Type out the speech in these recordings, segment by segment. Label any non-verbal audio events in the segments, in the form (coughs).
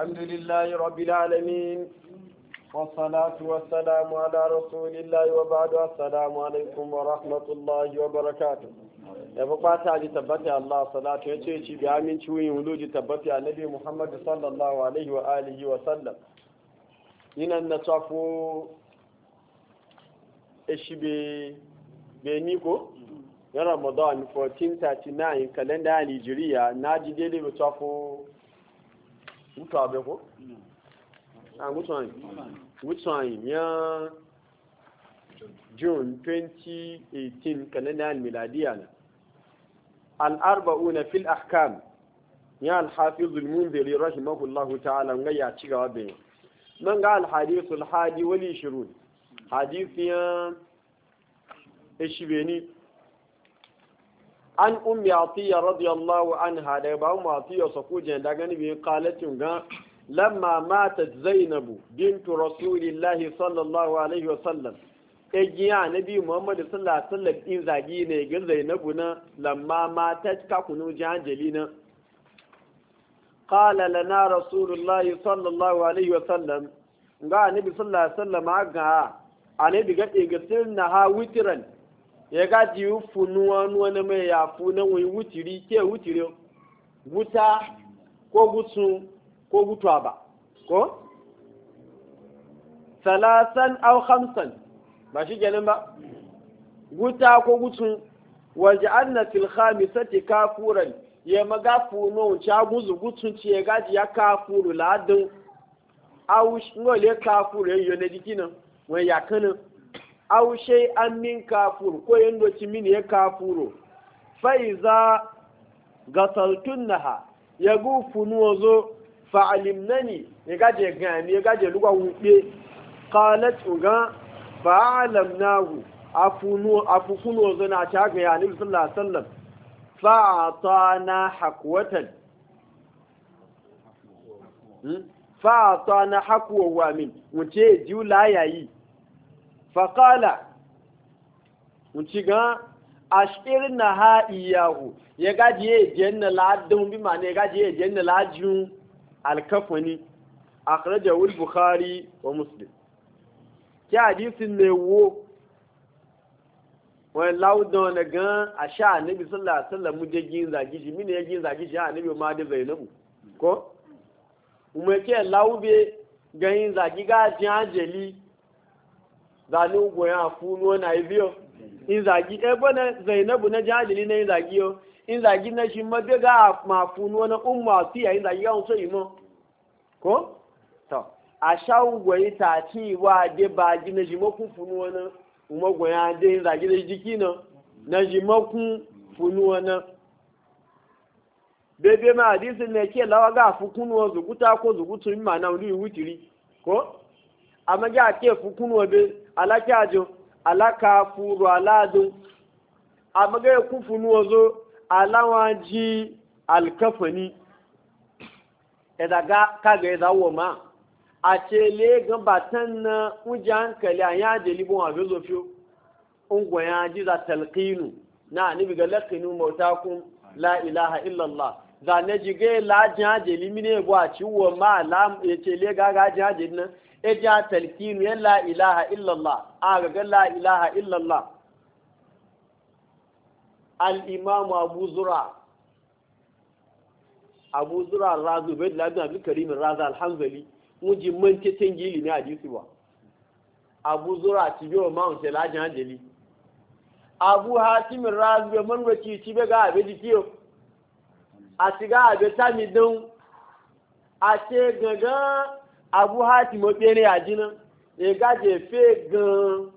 الحمد لله رب العالمين والصلاة والسلام على رسول الله وبعد السلام عليكم ورحمة الله وبركاته da bukata ji tabbata Allah salatu ya ce ci bi aminci wuyin wuluji tabbata sallallahu alaihi wa alihi wa sallam na ko Ramadan 1439 kalenda na ji daidai mutu abe ko a mutu anyi mutu anyi ya june 2018 kalendar miladiya na al'arba'una fil ahkam ya alhafiz al-munziri rahimahullahu ta'ala ga ya ci gaba bayan man ga alhadithul hadi wali shirun hadithiyan ishibeni an ummi atiya radiyallahu anha da ba mu atiya sa ku je da gani bi qalatin ga lamma matat zainab bintu rasulillahi sallallahu alaihi wa sallam e giya nabi muhammad sallallahu alaihi wa sallam in zagi ne ga zainabu na lamma matat ka kunu jahili na qala lana rasulullahi sallallahu alaihi wa sallam ga nabi sallallahu alaihi wa sallam ga anabi ga ga sirna ha witran ya gaji funuwa na mai ya funa wani wutiri ke wutiri wuta ko gutsu ko gutuwa ba ko? salasan au hamsan ba shi ganin ba wuta ko gutsu waje an na filhami sati kafuran ya maga funo wuce guzu gutsun ce ya gaji ya kafuru ladin au shi ngole kafuru ya yi yana jikinan wani yakanin aw an min kafur ko yendo cimin ya kafuro fa iza gasaltunnaha yagu funuwazo fa alimnani ya gaje gani ya gaje lugwa wuɓe qalat uga fa alamnahu afunu afufunuwazo na ta ga ya nabi sallallahu alaihi wasallam fa atana hakwatan hmm? fa atana hakwa wa min wuce jiula yayi faƙala ci gan ashir na ha iyahu ya gaji ya je na ladin bi ma ne ya gaji ya je na lajin alkafani a karajawul bukhari wa muslim ki hadisin ne wo wani laudan na gan ashe a sha annabi sallallahu alaihi wasallam mu je gin zagiji mine ya gin zagiji ha annabi ma da zainabu ko umarci ke laube ganin zagi ga jin zani zalu ya funo na biyo in zagi e eh, bana zainabu na jahili na in zagi yo in zagi na shi mabe ga ma funo na umma ti in zagi ga so imo ko to a shawu goyi ta ci wa de ba ji na shi makun funo na umma goya de in zagi da jiki na na shi makun funo na bebe ma hadisin ne ke lawa ga fukunuwa zuguta ko zugutun ma na wuri wutiri ko amma ga ke fukunuwa be alakajo alakafuru aladu amaga ya kufunu wazo alawaji alkafani edaga kaga edawo ma a ce le gan batan na uji hankali a yaje libon a fiyo ungwa ya ji za talqinu na ni biga laqinu mautakum la ilaha illallah za na jige la jaje limine bo a ciwo ma lam ya ce ga ga jaje nan eja talkinu ya la ilaha illallah a gaga la ilaha illallah al'imamu abu zura abu zura razu bai da labin abu karimin razu alhanzali mujin manke tangili ne a jisuwa abu zura ci biyo ma'un ce lajin hanjali abu hatimin razu bai manwaci ci bai ga abe jikiyo a ta abe tamidin a ce gaga abu hati mo bere ajina e gaje fe gan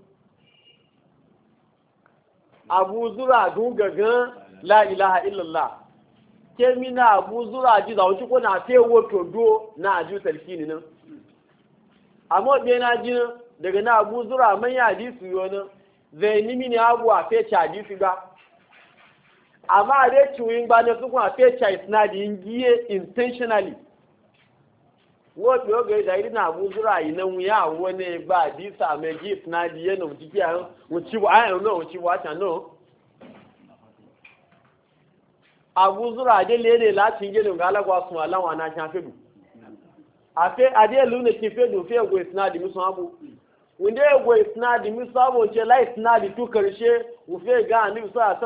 abu zura gun gan la ilaha illallah ke mina abu zura ji da wuce ko na fe woto do na aju talkini nan amma be na ji daga na abu zura man ya ji su yo zai ni mini abu a fe cha ji su ga amma re ciwin ba ne su kuma fe cha isnadi in giye intentionally wọ́n pè ógè ìdáyìí náà àbúzúrò àyìnà wọn yà wọ́n ní ìgbà àdìsá àmẹ́jì ìfúnnáàdì yẹn náà òjijì àrùn òtìwọ́ àrùn náà òtìwọ́ àtàn náà. àbúzúrò àdélérè láti yé nìkan alágbà sun aláwọn anáṣẹ afẹ́dù. àfẹ́ àdéhùn ní ti fẹ́dù fẹ́ ègò ìfúnnáàdì mi sàn ábò. wọ́n dé ègò ìfúnnáàdì mi sàn ábò ṣe láì ìfúnnáàdì tó kẹrìṣẹ́ òfin ìgbà àníbísọ̀ àṣọ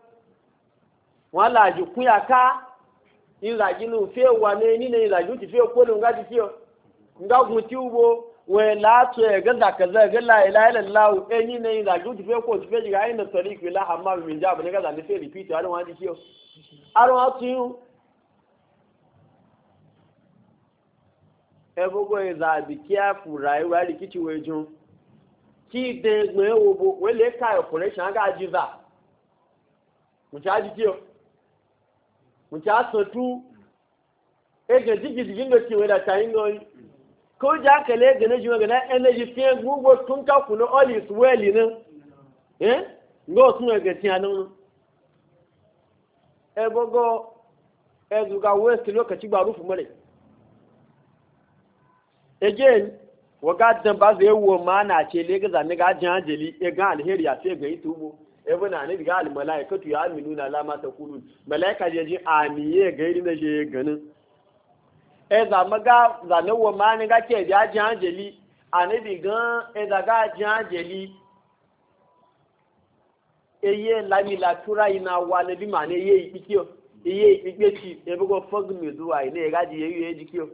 wọn làjù kún yà ká ìlàjì nù fẹ́ wà ní nínú ìlàjì ti fẹ́ kó ní nga ti fẹ́ nga kun tí wo wẹ̀ látọ̀ ẹ̀gẹ́ dàkẹ́lẹ́ ẹ̀gẹ́ la ìlà ilẹ̀ láwù ẹ̀ nínú ìlàjì ti fẹ́ kó ti fẹ́ jìgá ẹ̀ nà sọ̀rọ̀ ìpè la mi jà ní rìpítì ti fẹ́ àrùn wọn tún yún. ẹ gbogbo ìlà àbíkí àfùrà ìwà rìkìtì wẹ̀ jùn kí ìdẹ́gbẹ̀ẹ́ wo bo ká nke asatu ege jigijigi ndo ti weda ta yin loyi ko ja kale ege ne jiwa gana energy fi gugo tun ka kuno all is well ni eh ngo tun ege ti anu e bogo e zuga west lokaci ba rufu mare again waga dan ba zai wo ma na ce le ga zame ga jan jeli e ga alheri ya ce ebe na ne ga almalaika tu ya aminu na lama ta kulu malaika je ji amiye ga irin da je ganin e za maga za ne wo ma ne ga ke ja ji anjeli anabi e za ga ji anjeli eye lami la tura ina wa ne bi ma ne ye ikikio iye e ikpe chi ebe ko fog mi zuwa ina e ga ji ye ye jikio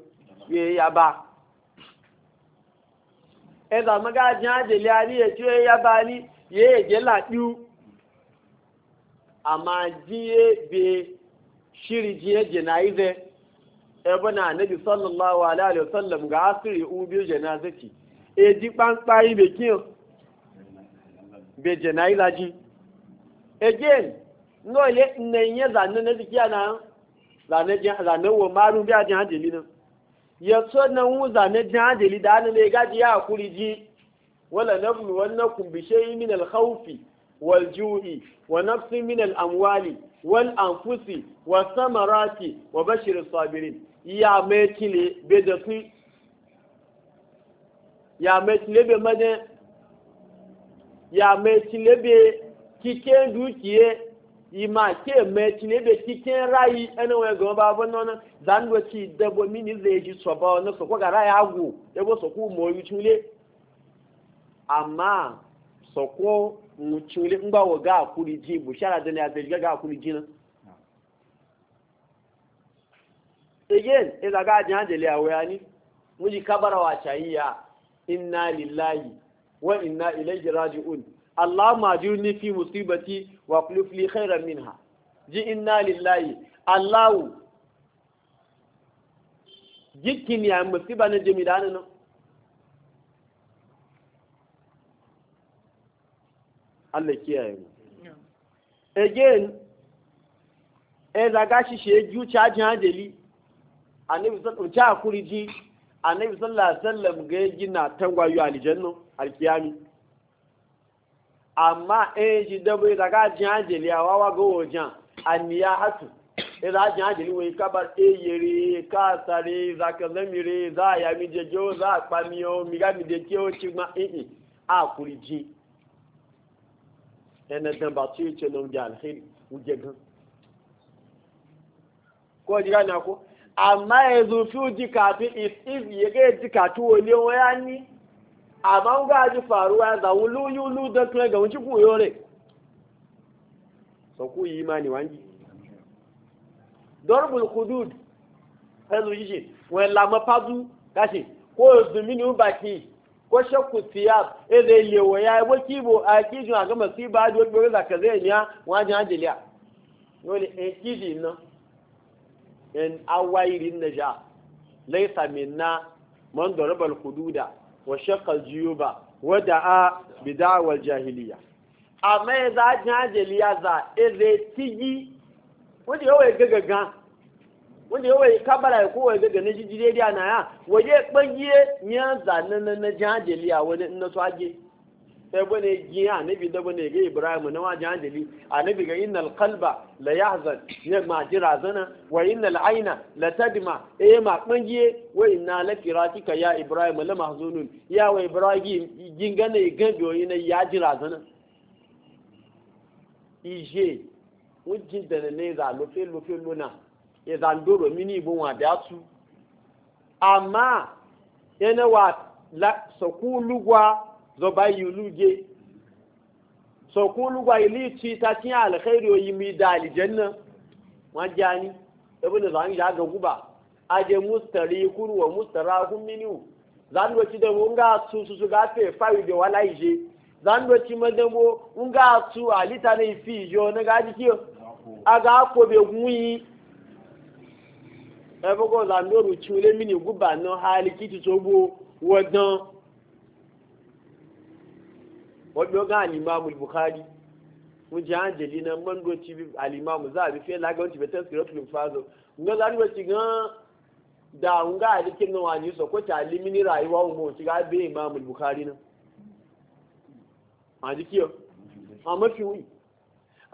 ye ya ba e za maga ji anjeli ani e ti ye ya ba ni ye e je la piu amma jiye be shiri jiye ebe na annabi sallallahu alaihi wasallam ga asiri ubi janazati e ji pankpai be kin be janaiza ji again no le nenye zanne na dikiya na zanne jin zanne wo marun bi ajin hajeli na ya so na wu zane jin hajeli da ne ga ji ya akuri ji wala nablu wannakum bi shay'in min al والجوعي ونقص من الأموال والأنفس والثمرات وبشر الصابرين يا ميتلي بدفي يا ميتلي بمدن يا ميتلي بكيكين ke meti ne be cikin rayi ana wani gaba babu nona zan do ci mini zai ji so ba wannan so ko ga rayi tule amma soko muculi ngba wo ga akuri ji bushara da ne a zai ga akuri ji nan again ila ga ji hanjele a waya ni muji kabara wa shayiya inna lillahi wa inna ilaihi raji'un Allah ma jirni fi musibati wa qulif li khairan minha ji inna lillahi Allahu Jikin ya musiba na jami'an nan Allah kiyaye mu again e daga shi shi ju caji hanjeli annabi sallallahu ta kuriji annabi sallallahu alaihi wasallam ga gina tangwayo aljanno alkiyami amma e ji dabo daga ji hanjeli awawa ga wojan aniya hatu e da ji hanjeli wai kabar e yere ka sare zaka zamire za ya mi jejo za pamiyo mi ga mi de ke o chigma e e a kuriji ẹnẹ dẹnba tí yóò tẹ lóun jẹ àlẹyìn ń jẹ gan kó o jìgá ní akó àmà ẹ̀zùn fi ó jìkà àti ìfìfì yẹ́gẹ́ tí wò lé wọn yá ní àmà ń gbà àti fàrúwà àtàwọn lóyún lóyún dẹ́kun ẹ̀gà rẹ̀ sọkú yìí máa nìwá ń jì ẹ̀zùn yìí ṣe ẹ̀ pàdú kó o ní ó ko shakku siyab e zai lewa ya yi waki bo a kijin a gama si ba da wani zaka zai niya wajen hajjiliya dole e kiji na in awairin na ja laisa minna man darabal hududa wa shakkal jiyuba wadda a bidawar jahiliya amma ya za hajjiliya za e zai tigi wanda yawai gagagan wanda yawai kabara ya kowai ga ganin jijire da na ya waje bagiye ya zane na na jihadeli a wani na su hage sai bane giya annabi da bane ga ibrahim na ma jihadeli annabi ga inna qalba la yahzan ya ma jira zana wa inna aina la tadma eh ma bagiye wa inna la firatika ya ibrahim la mahzunun ya wa ibrahim gingane gabiyo ina ya jira zana ije wujin da ne za lofe lofe luna izandoro mini ibon wa da su amma yana wa sakulugwa zoba yuluge sakulugwa ili ci ta cin alkhairu yi mi da aljanna wajani ibn zani ya ga guba aje mustari kuru wa mustarahum minu zan do ci da su su ga fe fayu de wala ije zan do ci madambo munga su alita ne fi jo na ga dikiyo aga ko be guyi ẹgbẹ́gbọ́ làndóòrù tí ó lé mí gúbà náà hálíkì ti tó wọ́dán wọ́dán gan alimamu bukari mun ji an jeli na mando ci alimamu za a bi fiye lagawar ci betan sirot nga da na a a mafi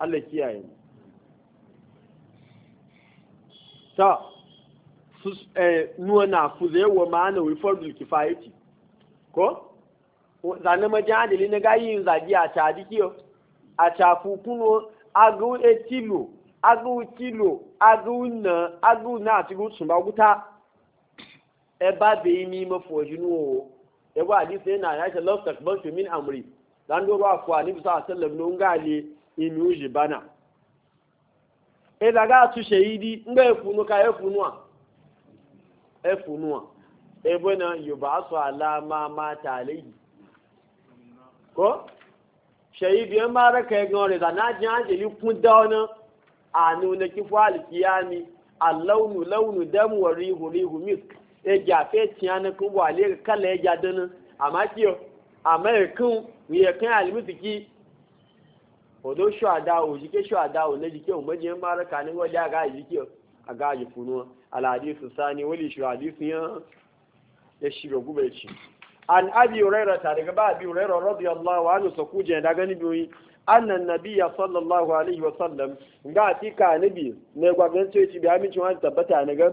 Allah kiyaye mu ta su eh, nuwa na fuze wa ma'ana wi fardul kifayati ko zane adali na gayi yin zagi a ta dikiyo a ta fukuno agu etilo agu kilo agu na agu na ti gu sun ba guta e ba be mi mo fojinu o e wa hadisi na ya ta lafta takbar min amri dan do afuwa kwa ni bisa sallallahu alaihi wasallam no imi uji bana ịdaga atụ shehidi mgbe efunu ka efunu a efunu a ebe na yoruba asụ ala ma ma taleyi ko shehidi e ya mara ka ya gani da na jin ajali kun da wani anụ nuna kifu alkiyami a launu launu damu wa rihu rihu misk e ya jafe tiyana kun wale kala e ya jadana amma kiyo amma ya kun ya kan almitiki odo shuada o jike shuada o na jike o maje mara kanin wali aga jike a gaji funuwa alhadisu sani wali shuhadisu ya ya shiga gubeci an abi hurairah ta daga ba abi hurairah radiyallahu anhu sakuje da gani biyu annan nabiyya sallallahu alaihi wa sallam ga tika nabi ne gwagwan ce ci bi amincin wani tabbata na ga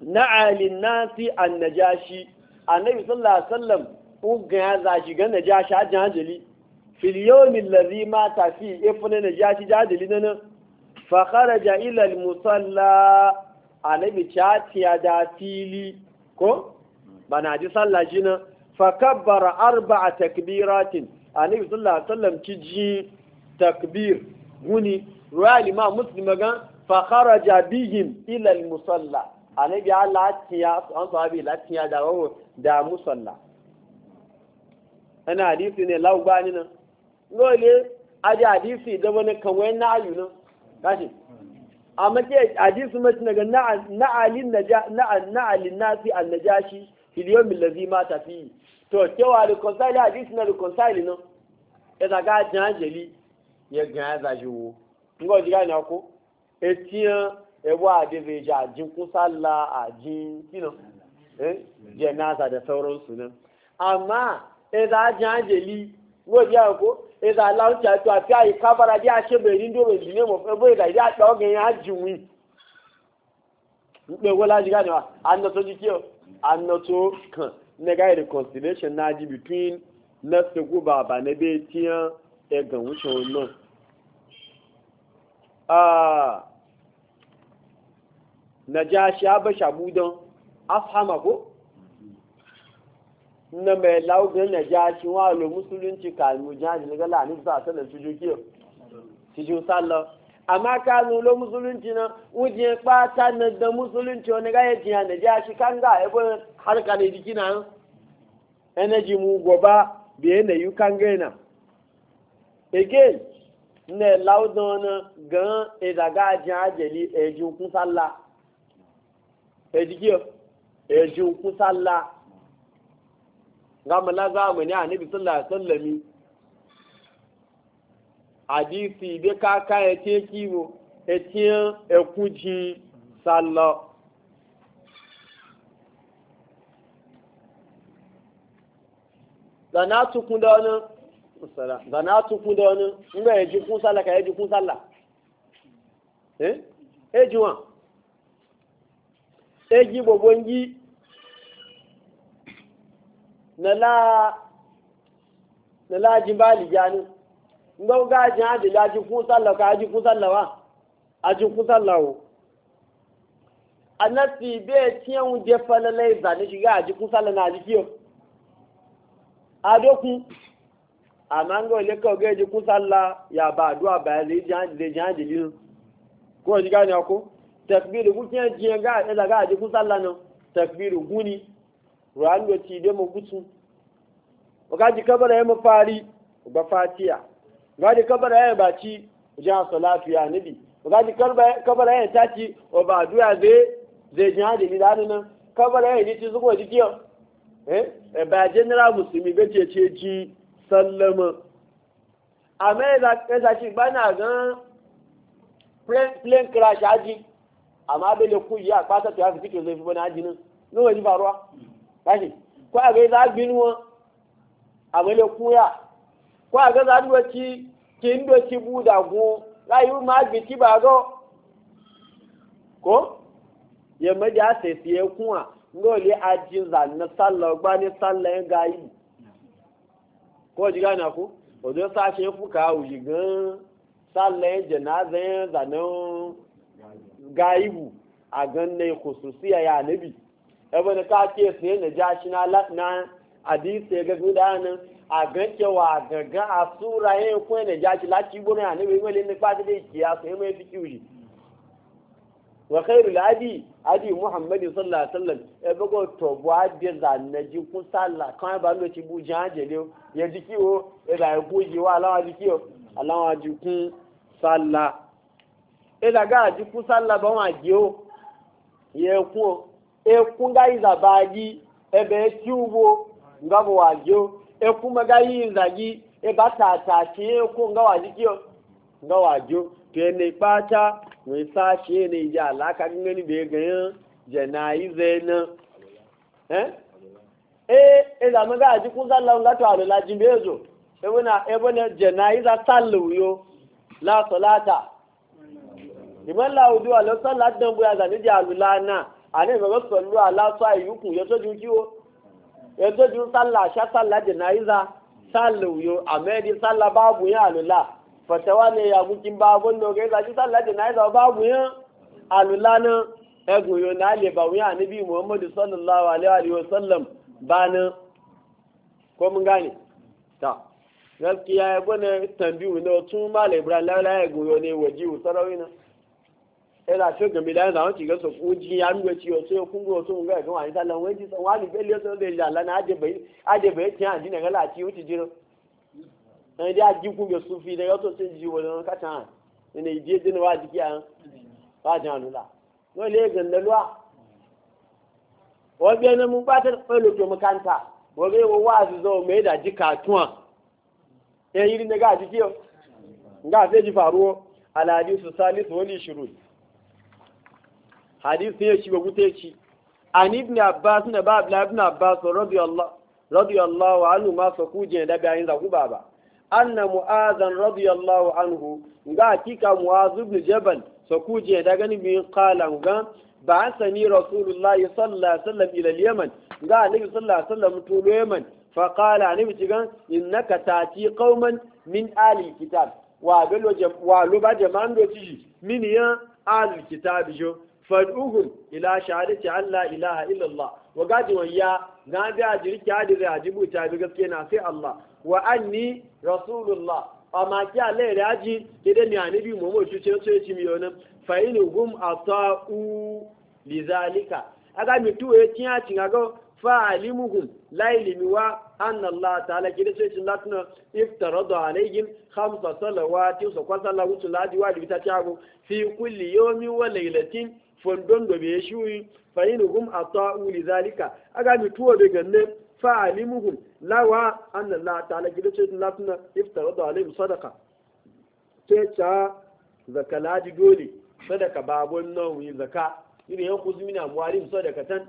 na'alin nasi an najashi annabi sallallahu alaihi wa sallam ugan ya zaji ga najashi hajjan hajjali filiyomin lazima fi ifini e na ja shi jadili na nan fakara ja ilal musalla a na bicatiya da fili ko ba na ji salla ji na fakabbara arba a takbiratin a na bisallah sallam ci ji takbir guni ruwa ma muslim gan fakara ja bihim ilal musalla a na biya latiya an sahabi latiya da wawo da musalla ana hadisi ne lau gani nan lole aji hadisi da wani kawai na ayu nan gashi a mace hadisi mace daga na'alin nasi an najashi filiyon milazi ma tafi to cewa reconcile hadisi na reconcile nan e ya zaga jan jeli ya ganya zaji wo ngo ji gani ako etiyan ewa adeze ja ajin kusalla ajin kino eh jenaza da sauransu nan amma ya e zaga jan jeli wọ́n di àwọn kó ẹ̀ka aláǹtí àti àti àyè kábàrà bí aṣẹ́bẹ̀rẹ̀ ní ndóró ìdílé mọ̀ fẹ́ bóyá ìdí àti ọ̀gẹ̀ yẹn á jù wí. nípa ìwọ́lá ti gánà anọ́tò jí ọ anọ́tò kan nega reconciliation náà di between nurse bàbá níbi tíyàn ẹ̀gàn wúṣọ náà. Ah, najashi abasha budan afhama ko na mai laugun na jashi wa lo musulunci kalmu jashi daga lani sa ta da suju kiyo suju sallo amma ka lo musulunci na uje kwata na da musulunci wani ga yaji na jashi kan ga ebo harka ne jiki na energy mu goba biye na yu kan gaina again na laugun na gan idaga ajin ajali ejin kun sallah ejikiyo ejin kun sallah gama la zamani a nabi sallallahu alaihi wasallam hadisi be ka ka ya ce kiwo e tiyan e kuji sallo zana tukun da dana zana tukun da wani nga ya ji kun sallah ka ya ji kun sallah eh e ji wa e ji ngi na lajin bali jani ngau gajin adil ajin kun sallah ka ajin kun sallah wa ajin kun sallah anasi be tiyan de falalai za ni shiga ajin kun sallah na ajin kiyo adokun amma ngau le ka gaji kun sallah ya ba addu'a ba le jan le jan de ko shiga takbiru ga e ga kun no takbiru guni ruwan ci dai mu gutsu ga ji kabara ya mafari ba fatiya ga ji kabara ya baci ja salatu ya nabi ga ji kabara ya tati wa ba duya zai zai ji hadi lidani nan kabara ya ji zuwa ji kiyo eh, eh ba general musulmi ba ce ce ji sallama amma ya zaci ba na gan plane crash aji amma bai da kuyi a kasa ta ya fi fito zai fi bana aji nan nawa ji faruwa kashi ko a ga za binuwa a mele kuya ko a ga za duwa ci kin do ci buda go rayu ma bi ci ba go ko ya ma ja se ti kuwa ngo le ajin za na salla gba ni salla ga yi ko ji na ku o sa se fu ka u gan salla janaza za no ga a gan ne khususiya ya nabi ɗaba ka ce su yana ja shi na na hadisi ya gagu da nan a gancewa gaga a sura ya yi kuwa na ja shi lati gona ya nabi wani na a da ke ya sai mai fi kiwuri wa khairul adi adi muhammadu sallallahu alaihi wasallam ya e bugo to bwa de ji ku sala kan ba lo ti bu janjele ya o e da ku ji wa o ala wa ji ku sala da ga ji ku sala ba wa ji o ye ku ekunga baagi ebe tiubo ngabo wajo ekumaga yinzaji eba tata nga ngawa jikio ngawa jo tene pata wesa shene ja alaka ngani be ganyan janaize na eh eh eza maga ajikun sallahu ngato alola jimbezo ebona ebona janaiza sallu yo la salata liman la udu alo sallat dan buya zanije alula na àní ìmọ̀ pẹ̀lú aláṣọ ìyókù yẹtọ́jú kí ó yẹtọ́jú sálà àṣà sálà jẹ̀náyíza sálà òyò àmẹ́rin sálà báàbù yẹn àlùlá fọ̀tẹ́wá ni ìyàgùn kí n bá abó ní ọgẹ́ ìdájú sálà jẹ̀náyíza báàbù yẹn àlùlá náà ẹgùn yóò náà lè bàwù yẹn àníbí muhammadu sallallahu alaihi wa sallam bá ná ko mun gane ta gaskiya ya bane tambiyu na tun malam ibrahim lalaya goyo ne wajihu sarawi na e tí ó gẹ̀mí láyé làwọn ti gẹ́sọ̀ fún jí arúgbó tí ọ̀sẹ̀ òkúngbò ọ̀sẹ̀ òǹgbà ẹ̀fọ́n wà níta lọ́wọ́ ẹ̀jì sọ̀wọ́n àlùbẹ́ lé ọ̀sẹ̀ lè lànà àjẹbẹ̀ tí àǹdí nàgẹ́ láti ó ti dìrọ̀ ẹni dí àjíkú yóò sún fi lẹ́yọ́ tó ṣe jí wọlé wọn káta hàn nínú ìdí ẹdín wa jì kí à ń wá jẹun wọn lé gàn lẹ́lọ́à wọ́n gbé ẹni mú pátẹ́ pẹ̀lú tó mú káńtà wọ́n gbé wọn wá àzùzọ ọmọ ẹ̀dà jí kàtún à ẹ̀yìn ìṣòro yìí. hadisi ya shi ba gute shi an ibn abbas na ba abla ibn abbas radiyallahu anhu ma fa kuje da bayin za ku ba. anna mu'adhan radiyallahu anhu ga kika mu'az ibn jabal fa kuje da gani bi qala ga ba sani rasulullahi sallallahu alaihi wasallam ila yaman ga annabi sallallahu alaihi wasallam tulo yaman fa qala annabi tigan innaka tati qauman min ali kitab wa belo wa lo ba jama'an do ci min ya al kitab jo fad'uhum ila shahadati Allah ilaha illallah wa gaji wanya na ga jirki hadi da ajibu ta bi gaske na sai Allah wa anni rasulullah amma ki Allah ya ji idan ni annabi Muhammad shi ce ce ci miyo nan fa inuhum ata'u lizalika aga mi tuwe tin ya tin aga fa alimuhum la ilmi wa anna Allah ta'ala da cin latna iftaradu alaihim khamsa salawati wa sallahu tuladi wa ta tago fi kulli yawmin wa laylatin fondon da bai shi fa yinuhum ata'u li zalika aga mi tuwa da ganne fa alimuhum lawa anna allah ta'ala gida ce latna da alaihim sadaqa ce ta zakalaji dole sadaka babon nawi zaka ina yan kuzmin sadaka tan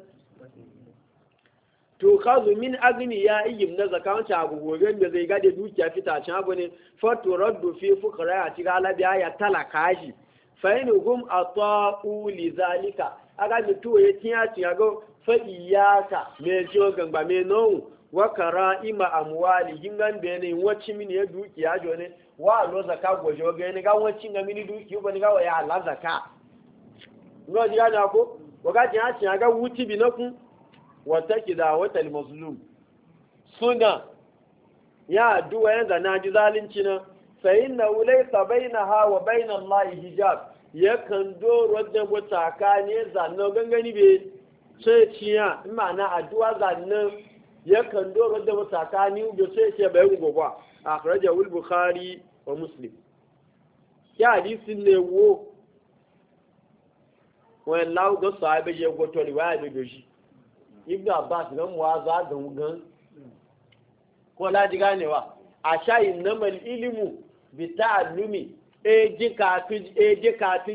to kazu min agni ya iyim na zaka wancan agogoren da zai gade dukiya can abu ne fa turaddu fi fukara ya tiga labiya ya talaka shi fa'inuhum ata'u li zalika aga mitu ya tiya tiya go fa iyaka me jo gangba me no wa kara'ima amwali hingan be ne wacci mini ya dukiya jo ne wa lo zaka gojo ga ne ga wacci ga mini duki ba ni ga wa ya la zaka ngo ji ga ko waga tiya tiya ga wuti bi naku wa takida wa tal mazlum suna ya duwa yanzu na ji zalunci na fa inna laysa hawa wa bainal lahi hijab yakan doro wata mutaka ne zannan gangani be sai ciya ma'ana addu'a zannan yakan doro da mutaka ne be sai ce bai gugu ba akhraja wal bukhari wa muslim ya hadisi ne wo wọn lawo gan sọ abe ye gbọtọ ni wàá gbẹdọ yìí ibnu abbas na mu azá gan gan la diga ne wa inna mal ilmu bi ta'allumi eji katun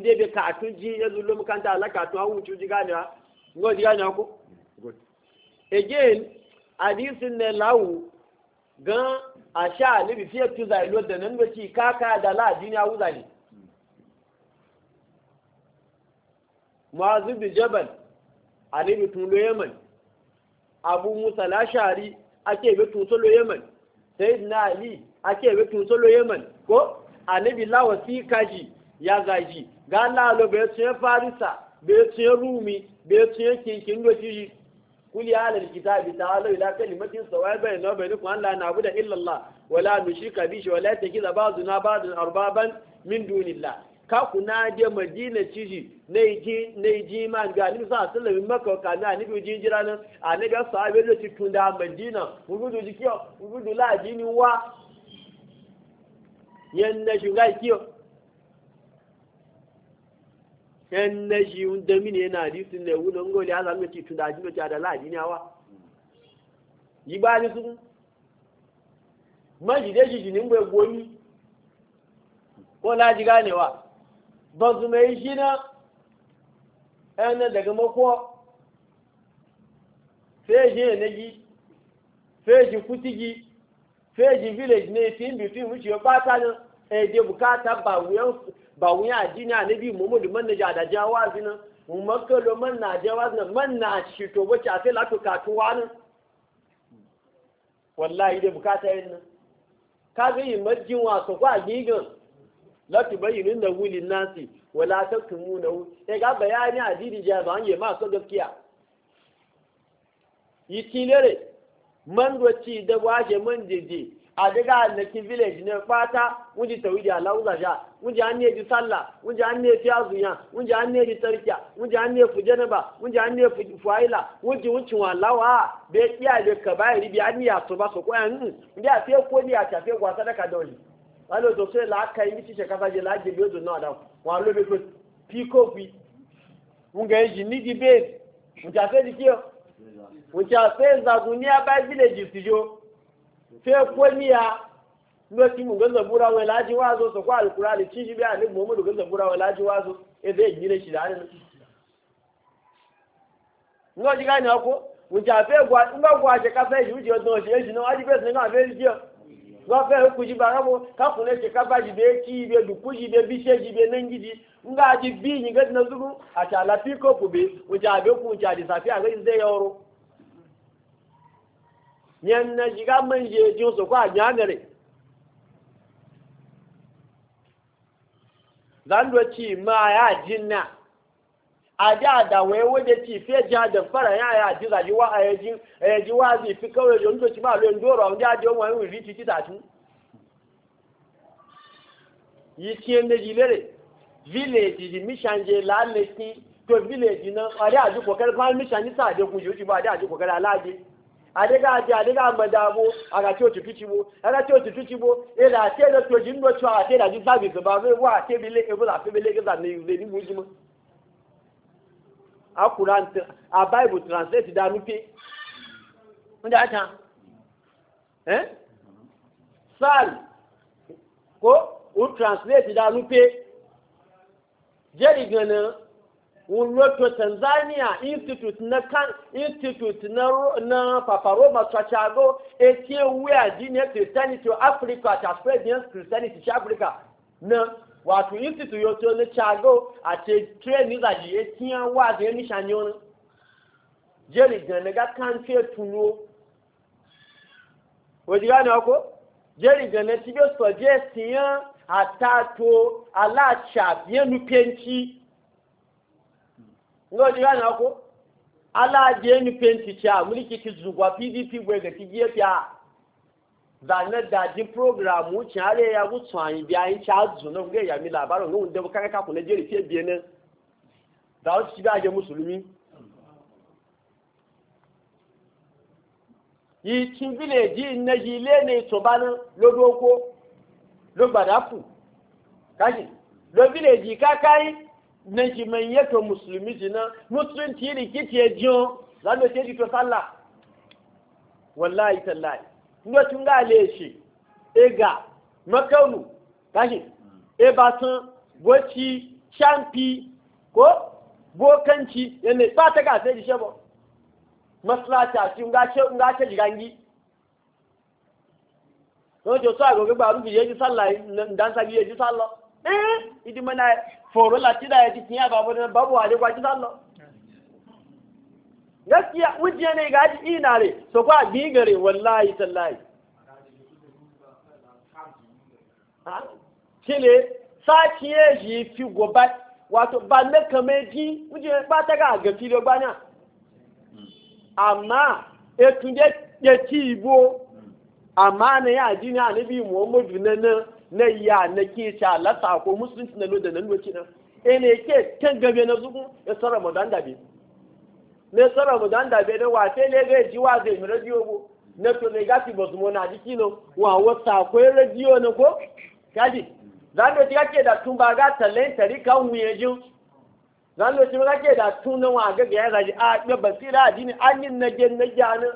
debe katun ji ya zulo makanta ala katun an wuce ji ganewa ngo ji ganewa ko again hadisin ne lawu ga a sha bi fiye tu zailo da nan ba wace kaka da la duniya wuza ne a ma'azu bi jabal alibi tulo yaman abu musa lashari ake bi tulo yaman sayyidina ali ake bi tulo yaman ko anabi la wasika ji ya zaji ga lalo bai tsaye farisa bai tsaye rumi bai tsaye kinkin doki ji kuli ala alkitabi ta'ala ila kalimatin sawai bai na bai nukun Allah na buda illallah wala nushika bi shi wala ta kiza bazu na bazu arbaban min dunillah ka ku na je madina ciji na yi ji man ga ni sa sallami maka ka na ni bi jinjira nan a ni ga sahabe da ci tunda madina gudu jikiyo gudu la jini wa yan na shi ngai kiyo yan na shi un da mini yana hadisin ne wunan gole ya zama ci tun da ajiyar ci da ladi ne awa yi ba ni sun maji da shi ni bai goni ko laji ganewa ba su mai shi na yan daga mako feji enegi feji kutigi feji village ne ti n bitu imuci yo pátá náà eh dai bukata ba wuyan ba wuyan addini annabi Muhammad man naja da jawazi nan mu makalo man na jawazi nan man na shi to bace a sai la to katuwa nan wallahi dai bukata yin nan ka ga yi majin wasu kwa gigan la tu bayyinu da wulin nasi wala taktumuna E ga bayani addini jawazi an ma so gaskiya yi tilere man doci da waje man jeje adiga alaki village ne fata wunji tawidi ala uzaja wunji an ne ji sallah wunji an ne fi azuya wunji an ne ji tarkiya wunji an ne fi janaba wunji an ne fi fuaila wunji wucin walawa be kiya be kabairi bi an ya to ba so ko an ndi a fe ko ni a ta fe gwa sadaka doli walo to se la kai ni ti se kafa je la je bi ozo na da wa lo be ko piko bi wunga yi ni di be wunji a fe di kiyo wunji fe za dunia ba village ti jo sai kwaniya lọ́tí mú gánzà búra wọn láti wá zo sọ̀kọ́ alukura lè tí ṣíbí àní mọ́mọ́dù gánzà búra wọn láti wá zo ẹgbẹ́ ìgbìlẹ̀ ṣì láàrin náà jí káyìn ọkọ́ ǹjẹ́ àfẹ́ gbọ́ àṣẹ káfẹ́ ìṣú ti ọdún ọ̀ṣẹ́ ìṣúná wájú bẹ́ẹ̀ sí náà fẹ́ rí jẹ́ wọ́n fẹ́ kú jí bá rábọ̀ kákùnrin ṣe káfá jìbé kí safi yẹn na shiga man je je so kwa nya gare dan do ci ma ya jinna a da da wai wode ci fe ja da fara ya ya ji za ji wa a ji e ji wa ji fi kawai jo ndo ci ma lo ndo ro nda jo wa wi ri ti da tu yi ti en de jilere village di mi chanje la le ti to village na ari aju ko kare mi sa de ku jo ba ade aju ko kare alaje adega aje adega amadabo agati otifichibo agati otifichibo ele ati ele toji ndo cho ati ele aji service ba me wa ati bile ebo la fe bile geza ni ze ni bujimo akuran a bible translate da nupe nda ata eh sal ko u translate da nupe jeri ganan unyoto tanzania institute na kan institute na na paparoma twachago etie wea dini christianity africa ta spread in christianity cha africa na wato institute yoto ne chago ate train za ye tian wa de ni wani jeri gan ga kan fe tuno wodi ga na ko jeri gan ti go suggest yan atato alacha bienu penchi ngo ji gane ko ala je ni penti cha muliki ti zugwa pdp gwe ga ti je pya da na da ji program mu cha re ya gu yi bi yi cha zu no nge ya mi labarin ngo nde ka ka ku ne jeri ti bi ne da o ti da je musulmi yi tin village na yi le ne to ba na lodoko lo gbadapu kaji lo village ka kai na shi man yato musulmi jina na ti ne kiti ya e jiyo za mu ce jito sallah wallahi tallahi ngo tun ga le shi e ga makaunu kashi e ba sun boci champi ko bokanci yana ba ta ga sai di shebo maslata tun ga ce ga ce gangi ko jo sa go ga ba ru bi ye ji sallah dan sa bi ye ji sallah eh idi mana foro lati da yaji kiya babu da babu waje kwaji sallo gaskiya wujiya ne ga ji ina re so kwa bi gare wallahi tallahi kile sakiye ji fi goba wato ba na kame ji wujiya ba ta ga ga fi gba na amma etun je ti ibo amma ne ya ji ni anabi muhammadu nana na ya na ke la lasa ko musulunci na loda nan lokaci nan e ne ke kan gabe na zuku ya mu dan dabe ne mu dan dabe da wa sai ne ga ji wa zai mi radio bo na to ne ga ti ba su mona ji kino wa wasa ko radio ne ko kaji dan do ti kake da tun ba ga talent tari kan ji dan do ti kake da tun na wa ga ga ya ah, ji a ga basira ne an yin na gen na jana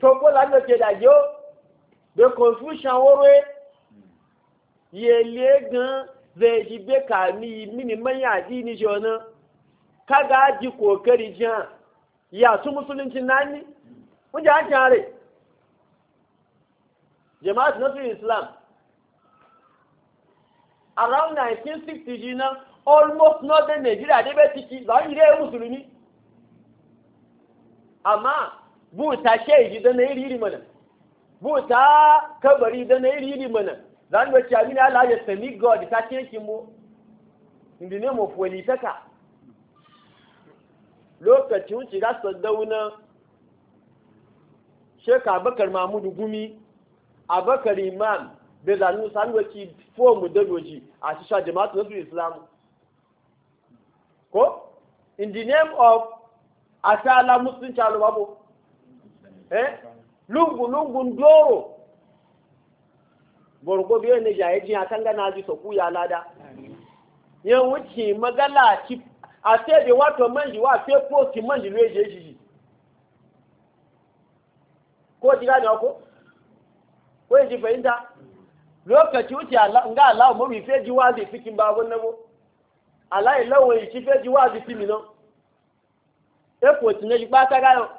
to ko zan do ke da yo da confucian wore yele gan zai ji be ka ni mini manya addini jona kaga ji kokari jan ya musulunci nani mun ji an tare jama'at islam around 1960 jina almost northern nigeria dai bai ciki za yi dai musulmi amma bu ta ce ji da na yi mana buta kabari da na iri iri mana za ni bacci abin ala ya sami god ta ce mu in the name of walitaka lokacin shiga saddauna sheka abakar mamudu gumi abakar imam da zanu sanwaci fomu doji a shisha jama'atu su islamu ko in the name of asala musulunci alubabu eh lungu lungu ndoro borgo biyo ne jaye jiya kan na naji so ku ya lada ye wuce magala ci a sai wato manji wa sai ko ti manji ne je ji ko ji ga ne ko ko ji fahimta lokaci wuce nga Allah mu mi ji wa da fikin babun nabo Allah ilawo yi fe ji wa da fimino e ko ti ne ji ba ta ga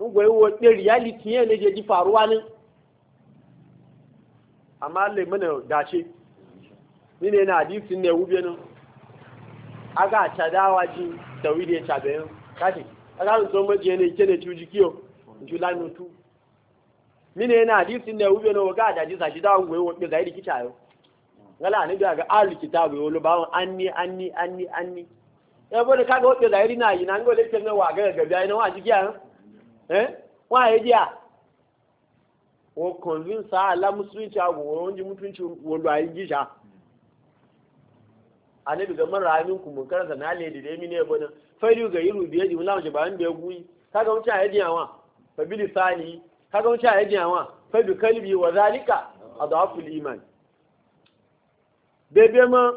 ngwai wace reality ne je ji faruwa ne amma le mana dace ni ne na hadisin ne wube nan aga ta dawa ji tawide ta bayan kashi aga so maje ne ke ne tuji kiyo jula no tu ni ne na hadisin ne wube nan ga da ji sashi da ngwai wace zai rikita yo ngala ne ga ga al kitabu yo lo bawon anni anni anni anni ya e bode kaga wace iri na yi nan gole ke ne wa ga ga ga na wa ji kiya wọn àyè díà wọn convince àlá musulunci àgbò ah, wọn oúnjẹ musulunci wọn lọ àyè jíjà anabi ga mara amin ku na le dide mi ya bana faidu ga yiru biye di mulan ba an biye guyi kaga ya diya diyawa fa bi lisani kaga mutum ayi diyawa fa bi kalbi wa zalika adafu iman bebe ma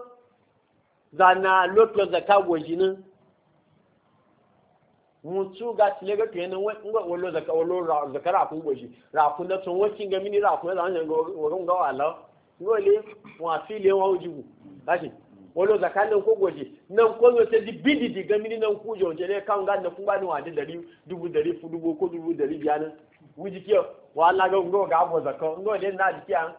zanna zaka mutu ga tile ga tuyen nan nga wallo zaka wallo zakara ku boji ra ku na tun wacin ga mini ra ku zan nan ga wurin ga wala ngole wa fili wa ujibu kashi wallo zaka nan ko goji Na ko yo te bidi di ga mini nan ku jo je ne kan ga na ku ba ni wa dari dubu dari fu dubu ko dubu dari biyan wuji kiyo wala ga ngo ga bo zaka ngole na di kiyan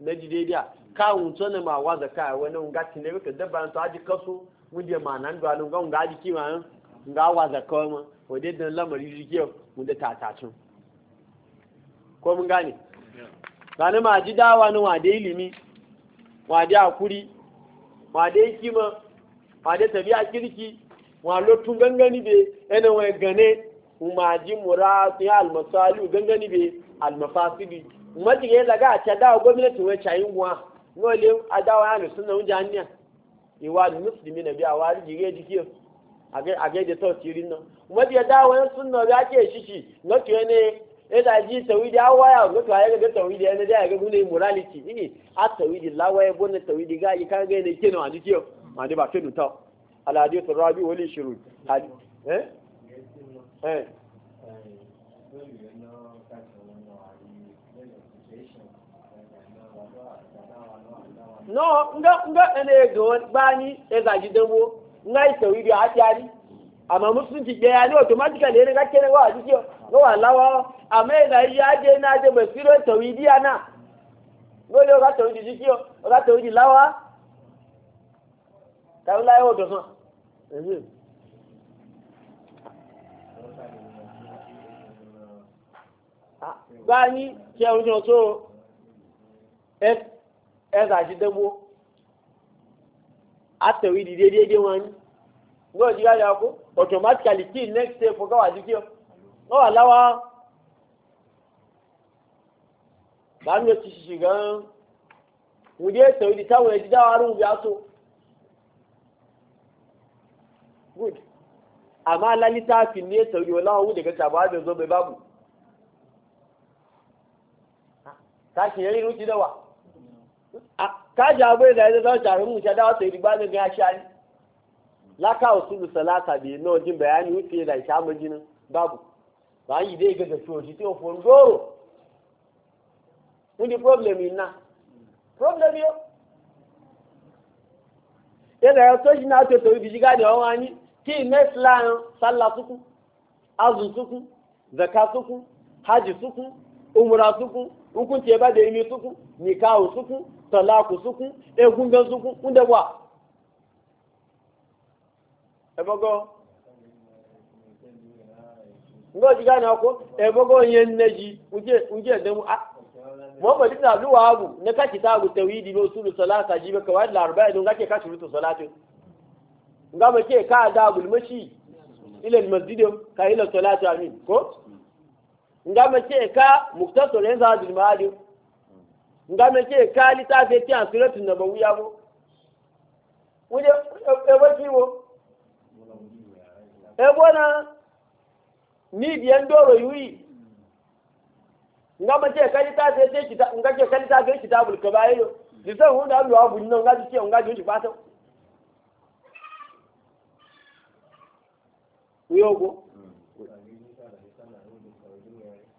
na ji dai dia ka wuto ne ma wa zaka wani ga tile ga ban to aji kaso wuje ma nan ga nan ga ga aji kiyan nga wa zaka ma wadai da lamari jike mun da tatacin ko mun gane gani ma ji dawa ni wade ilimi wade akuri wade kima tabi a kirki wa lotun gangani be ene wa gane ma ji murati almasali gangani be almafasidi maji ga a ta dawa gwamnati wa chayin wa ngole adawa ya ne sunna unjanya iwa na bi awari jige jikiyo age e da tausirin nan wadda ya daa wee sunna ya ke shishi na tuye ne ya ji tawidi an waya notu tuwa ya ga tawidi ya ndị ya ga gune morality a tawidi lawa ya bonne tawidi ga yi kan ke na wani kiyo ma ba fe duta aladi to rabi eh e? e. nga nga ene ngai tawhidi ajali amma musulunci ɗaya ne automatically ya kake ne wa jiki ga ah, walawa amma ina yi aje na aje basiro tawhidi ana dole ga tawhidi jiki ga tawhidi lawa ta nla yo do so gani ke ojo so e e da ji àtẹ̀wé ìdí déédéé wọn ni gbọ́dọ̀ ti ráyà kó automatically kí next day for wà dídí ọ wọ́n wà láwa báwo ti ṣiṣì gan-an wò dé ẹ̀tẹ̀wé ìdí táwọn ẹ̀dí dáwọ́ arúgbó bí a so good àmọ́ ah, ta fi ní ẹ̀tẹ̀wé ìdí ọláwọ̀ wò dẹ̀kẹ́ tàbí àbẹ̀ ọ̀zọ́ bẹ báàbù táṣìyẹn rírun ti dẹ́wà. ka ji ìdájọ́ tó ṣàrò mú ìṣẹ́dá ọ̀tọ̀ ìdìgbà ní gan aṣáájú láká òṣùlù sọ̀lá tàbí náà dín bẹ̀rẹ̀ ní wípé ìlà ìṣàmójú ní báàbù bá yìí dé ìgbẹ̀gbẹ̀ fún òjì tí ó fún na ní problem iná problem yó yẹ́nà ẹ̀rọ tó ṣìnà tètò ibi jígá ní ọwọ́ anyi kí mẹ́sìlá ń sálà súkú azù súkú zaka súkú hajj súkú umura talaku suku egungan suku unda wa ebogo ngo ji na ko ebogo yen neji uje uje da mu a Muhammad ibn Abdul abu ne ka kitabu tawhidi lo sulu salata ba kawai la arba'a don kake ka shurutu salatu nga ba ke ka da mashi ila masjid ka ila salatu amin ko nga ma ke ka muktasar yanzu hadil ma'adim nga me ke kali ta fe ti asuratu na bawu ya bo wuje e ba ki wo e ni bi en doro yui nga me ke kali ta fe ti kita nga ke kali ta fe kitabul hu da lu abu nan nga ji nga ji ba ta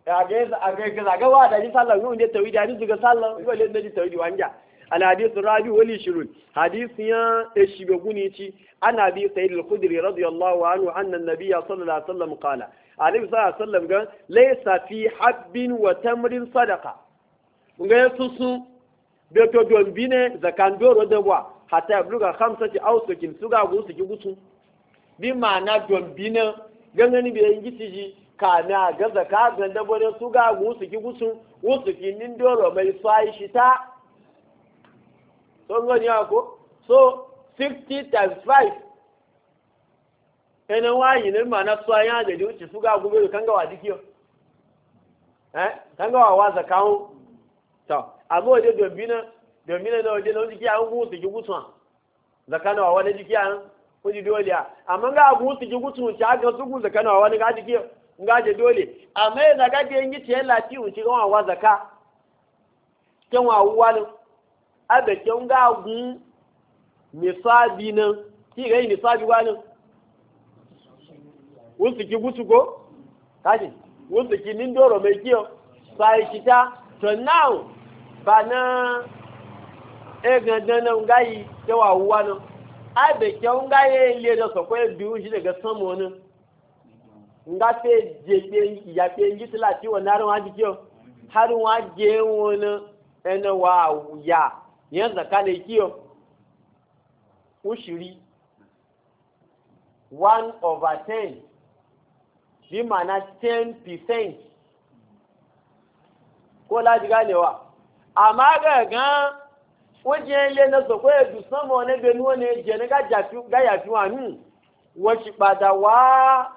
ga wa da ji sallan yau ne tawidi hadisi ga sallan yau ne da ji tawidi wanja al hadith rabi wali shirun hadisi ya eshi be guni ci ana bi sayyid al khudri radiyallahu anhu anna an-nabiy sallallahu alaihi wasallam qala alaihi sallallahu alaihi wasallam ga laysa fi habbin wa tamrin sadaqa ngai susu be to don bine zakan doro da wa hatta yabluga khamsati aw sukin suga gusu ki gusu bi ma'ana don bine gangani bi yin gitiji kame a gaza ka gan da bane su ga su ki gusu gusu ki nin doro mai sai shi ta so ngo ni ako so 60 times 5 ene wa yi ne ma na so anya da ci su ga guberu kan ga wa dikiyo eh kan ga wa wa zakawo to abu de dombina na do mina no de no diki ki gusu zakana wa wani diki an kuji dole amma ga gusu ki gusu ci aga su gusu zakana wa wani ga jikiya. ngaje dole amma ya zaga da yin gice lati u ci gawa wa zaka ken wa walu abe ken ga gun misabi nan ki ga misabi walu wusu ki gusu ko kaji wusu ki nin doro mai kiyo sai kita to now ba na e gandan nan gayi ke wa walu abe ken ga ye le da sokwe biyu shi daga samu wani nga fe je pe ya pe ngiti la ti wona ran aji haru wa je wona ene wa ya yen zaka le ushiri 1 over 10 bi mana 10% ko la diga le wa amma ga gan wajen le na so ko e du ne be nuwo ne je ne ga ja ga ya fi wa wo shi pada wa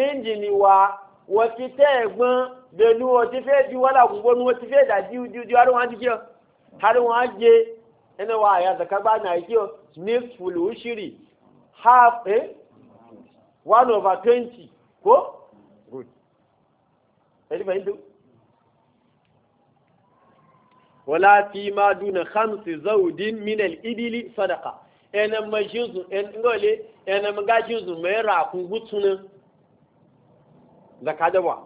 injini wa wọ́n ti tẹ́ ẹ̀gbọ́n bẹ̀lú wọ́n ti fẹ́ di wọ́lá gbogbo wọ́n ti fẹ́ dà di di di arúgbó àti kíọ́ arúgbó àti ẹni wa àyà zakagbá náà kíọ́ smith fulu ushiri half eh one over twenty kó good ẹni fẹ́ yín wọ́lá fi máa dúnà hamsi zawudin minel ibili sadaka ẹnamajizu ẹnngọ́lé ẹnamagajizun mẹ́ra kúngútúnú. zaka da wa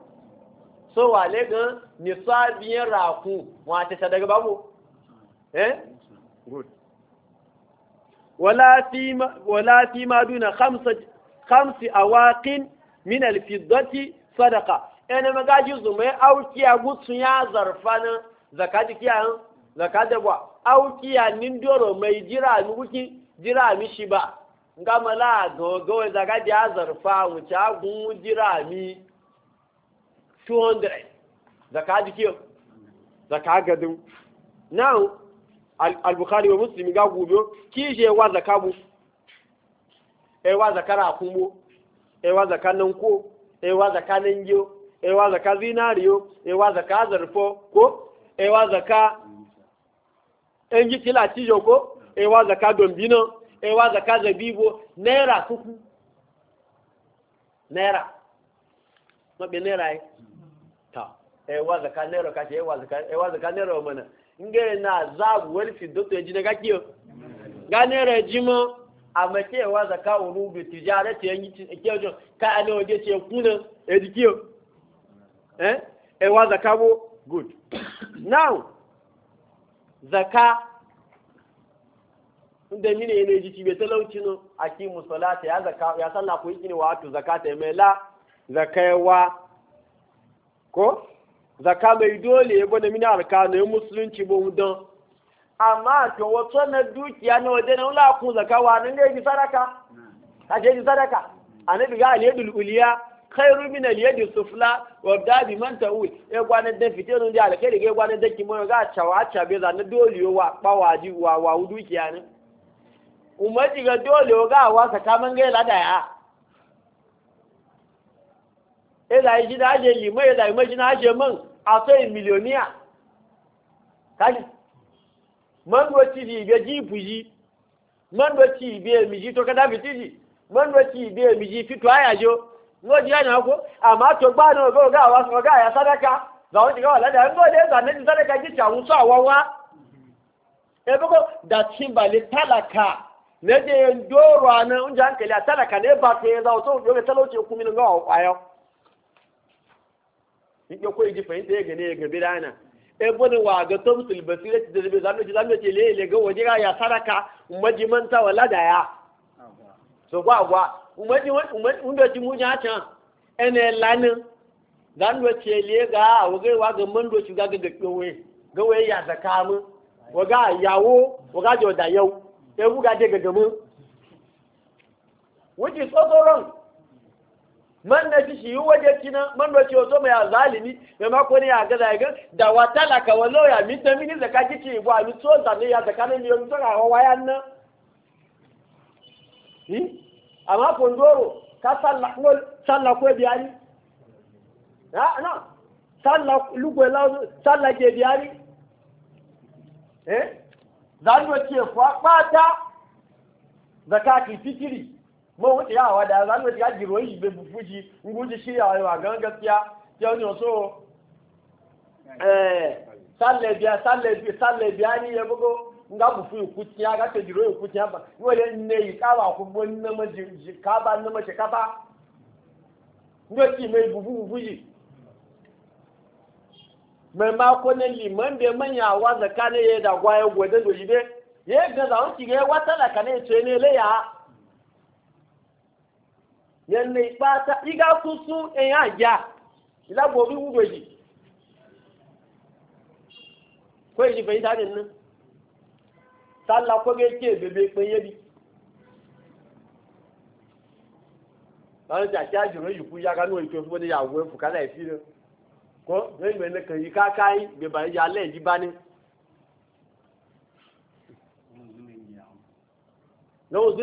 so wale ga nisabiyan raku wata ta daga babu eh good wala fi wala fi ma duna khamsa khamsi awaqin min alfiddati sadaqa ene magaji zume auki a gutsun ya zarfana zakaji kiyan zakada ba auki ya nindoro mai jira ni wuki jira mi shiba ngamala gogo zakaji ya zarfa cha agun jira mi 200 zaka ji kiyo zaka gadin now al-bukhari wa muslim ga gubo ki je wa bu e wa ra kumbo e wa nan ko e wa nan yo e wa zaka zinariyo e wa zaka zarfo ko e wa zaka enji kila tijo ko e wa zaka dombino e wa zaka zabibo naira kuku naira mabe naira eh? ewa zaka nero kashi ewa zaka nero mana nge na zabu wani fidoto ya ji na gakiyo ganero ya ji mo a mace ewa zaka uru bi tijara ta yanyi kyaujo ka ana waje ce kuna edikiyo eh ewa zaka bo good (coughs) now zaka inda mini yana ji tibe talauci no aki musalata ya zaka ya sallah ko yiki ne wa to zakata mai la zakaiwa ko zaka mai dole ya gwada mini alkanu musulunci ba mu don amma to wato na dukiya na waje na wula kun zaka wa nan ne ji sadaka ka je ji sadaka na ga aliyadul uliya khairu min aliyadi sufla wa dabi man tawil ya gwana da fite nun da alkhairi ga gwana da kimo ga cewa cha be za na dole yo wa pawaji wa wa dukiya ne umaji ga dole ga wa saka man ga lada ila yi jina aje limo ila yi majina aje man a so yi miliyoniya kaji man wacce ji ibe ji fuji man wacce ibe miji to kada fiti ji man wacce ibe fito aya jo ngoji ya nyako amma to gba na ogo ga wa so ga ya sadaka za wani ka wala da ngo de za sadaka ji ta wuso a ya yake kwa ji fahimta ya gane ya gabi rana e bani wa ga tomsul basira da zabe zanu ci zanu ce lele ga waje ga ya saraka majimanta wala da ya so gwa gwa umaji unda ci mu ja can ene lanin zanu ce le ga waje wa ga mando ci ga ga gawe ga waye ya zakamu waga yawo waga joda yau e buga ga gamu which is also wrong man na shi shi waje kina man da ciwo to mai zalimi ya mako ne ya ga ya ga da wata la ka wallo ya mi ta mini zaka kici bo a mi so da ne ya zaka ne mi yanzu ka hawa yan nan hi amma ko ndoro ka salla ko salla ko biyani ha na salla lugo la salla ke biyani eh zan do ce fa pata zakati fitiri mo wuce yawa da za mu shiga giroyi bai bufuji in guji shirya wa gan gaskiya ya ne so eh salle biya salle biya salle biya ni ya bugo nga bufu ya ga te ba wole ne yi ka ba ku bon na ma ji ka ba na ma ka ba ti bufu bufuji ma ko ne liman be manya wa zakane ya da gwaye gwadan do yibe ye ga za wuce ga wata la kane ce ya yẹnna ìpáta igá tuntun ẹ̀yàn àjà orí wúwo yìí kó èyí fẹ̀yìn sálà bi ti àti àjòrò yìí kú yára ní fún mi ẹ̀fí rẹ kó káká yìí yìí alẹ́ yìí bá ní. lọ́wọ́ sí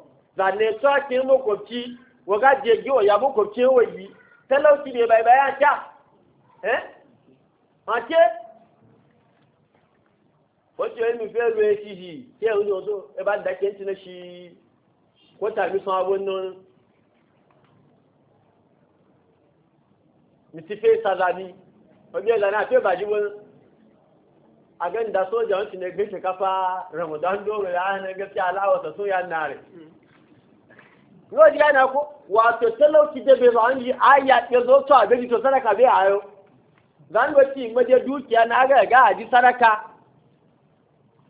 zane sake makwabci waga jege wa ya makwabci wayi talauci ne bai bayan sha eh mace wacce yi nufe ruwa shi shi ke yi wani wato ya ba da na shi ko tafi sun abun nan mitife wajen zane a fe wani a gan da ne kafa ramadan doro ya hana gaskiya alawarsa sun nare mm. lóòjì yánà kó wà tó tẹ́lẹ̀ ti débè bá ń yí ayé àtẹ́zọ́ tó àbẹ́jì tó sáraka bí ààyò zango ti ìmọ̀jẹ dúkìá náà gàgà àdí sáraka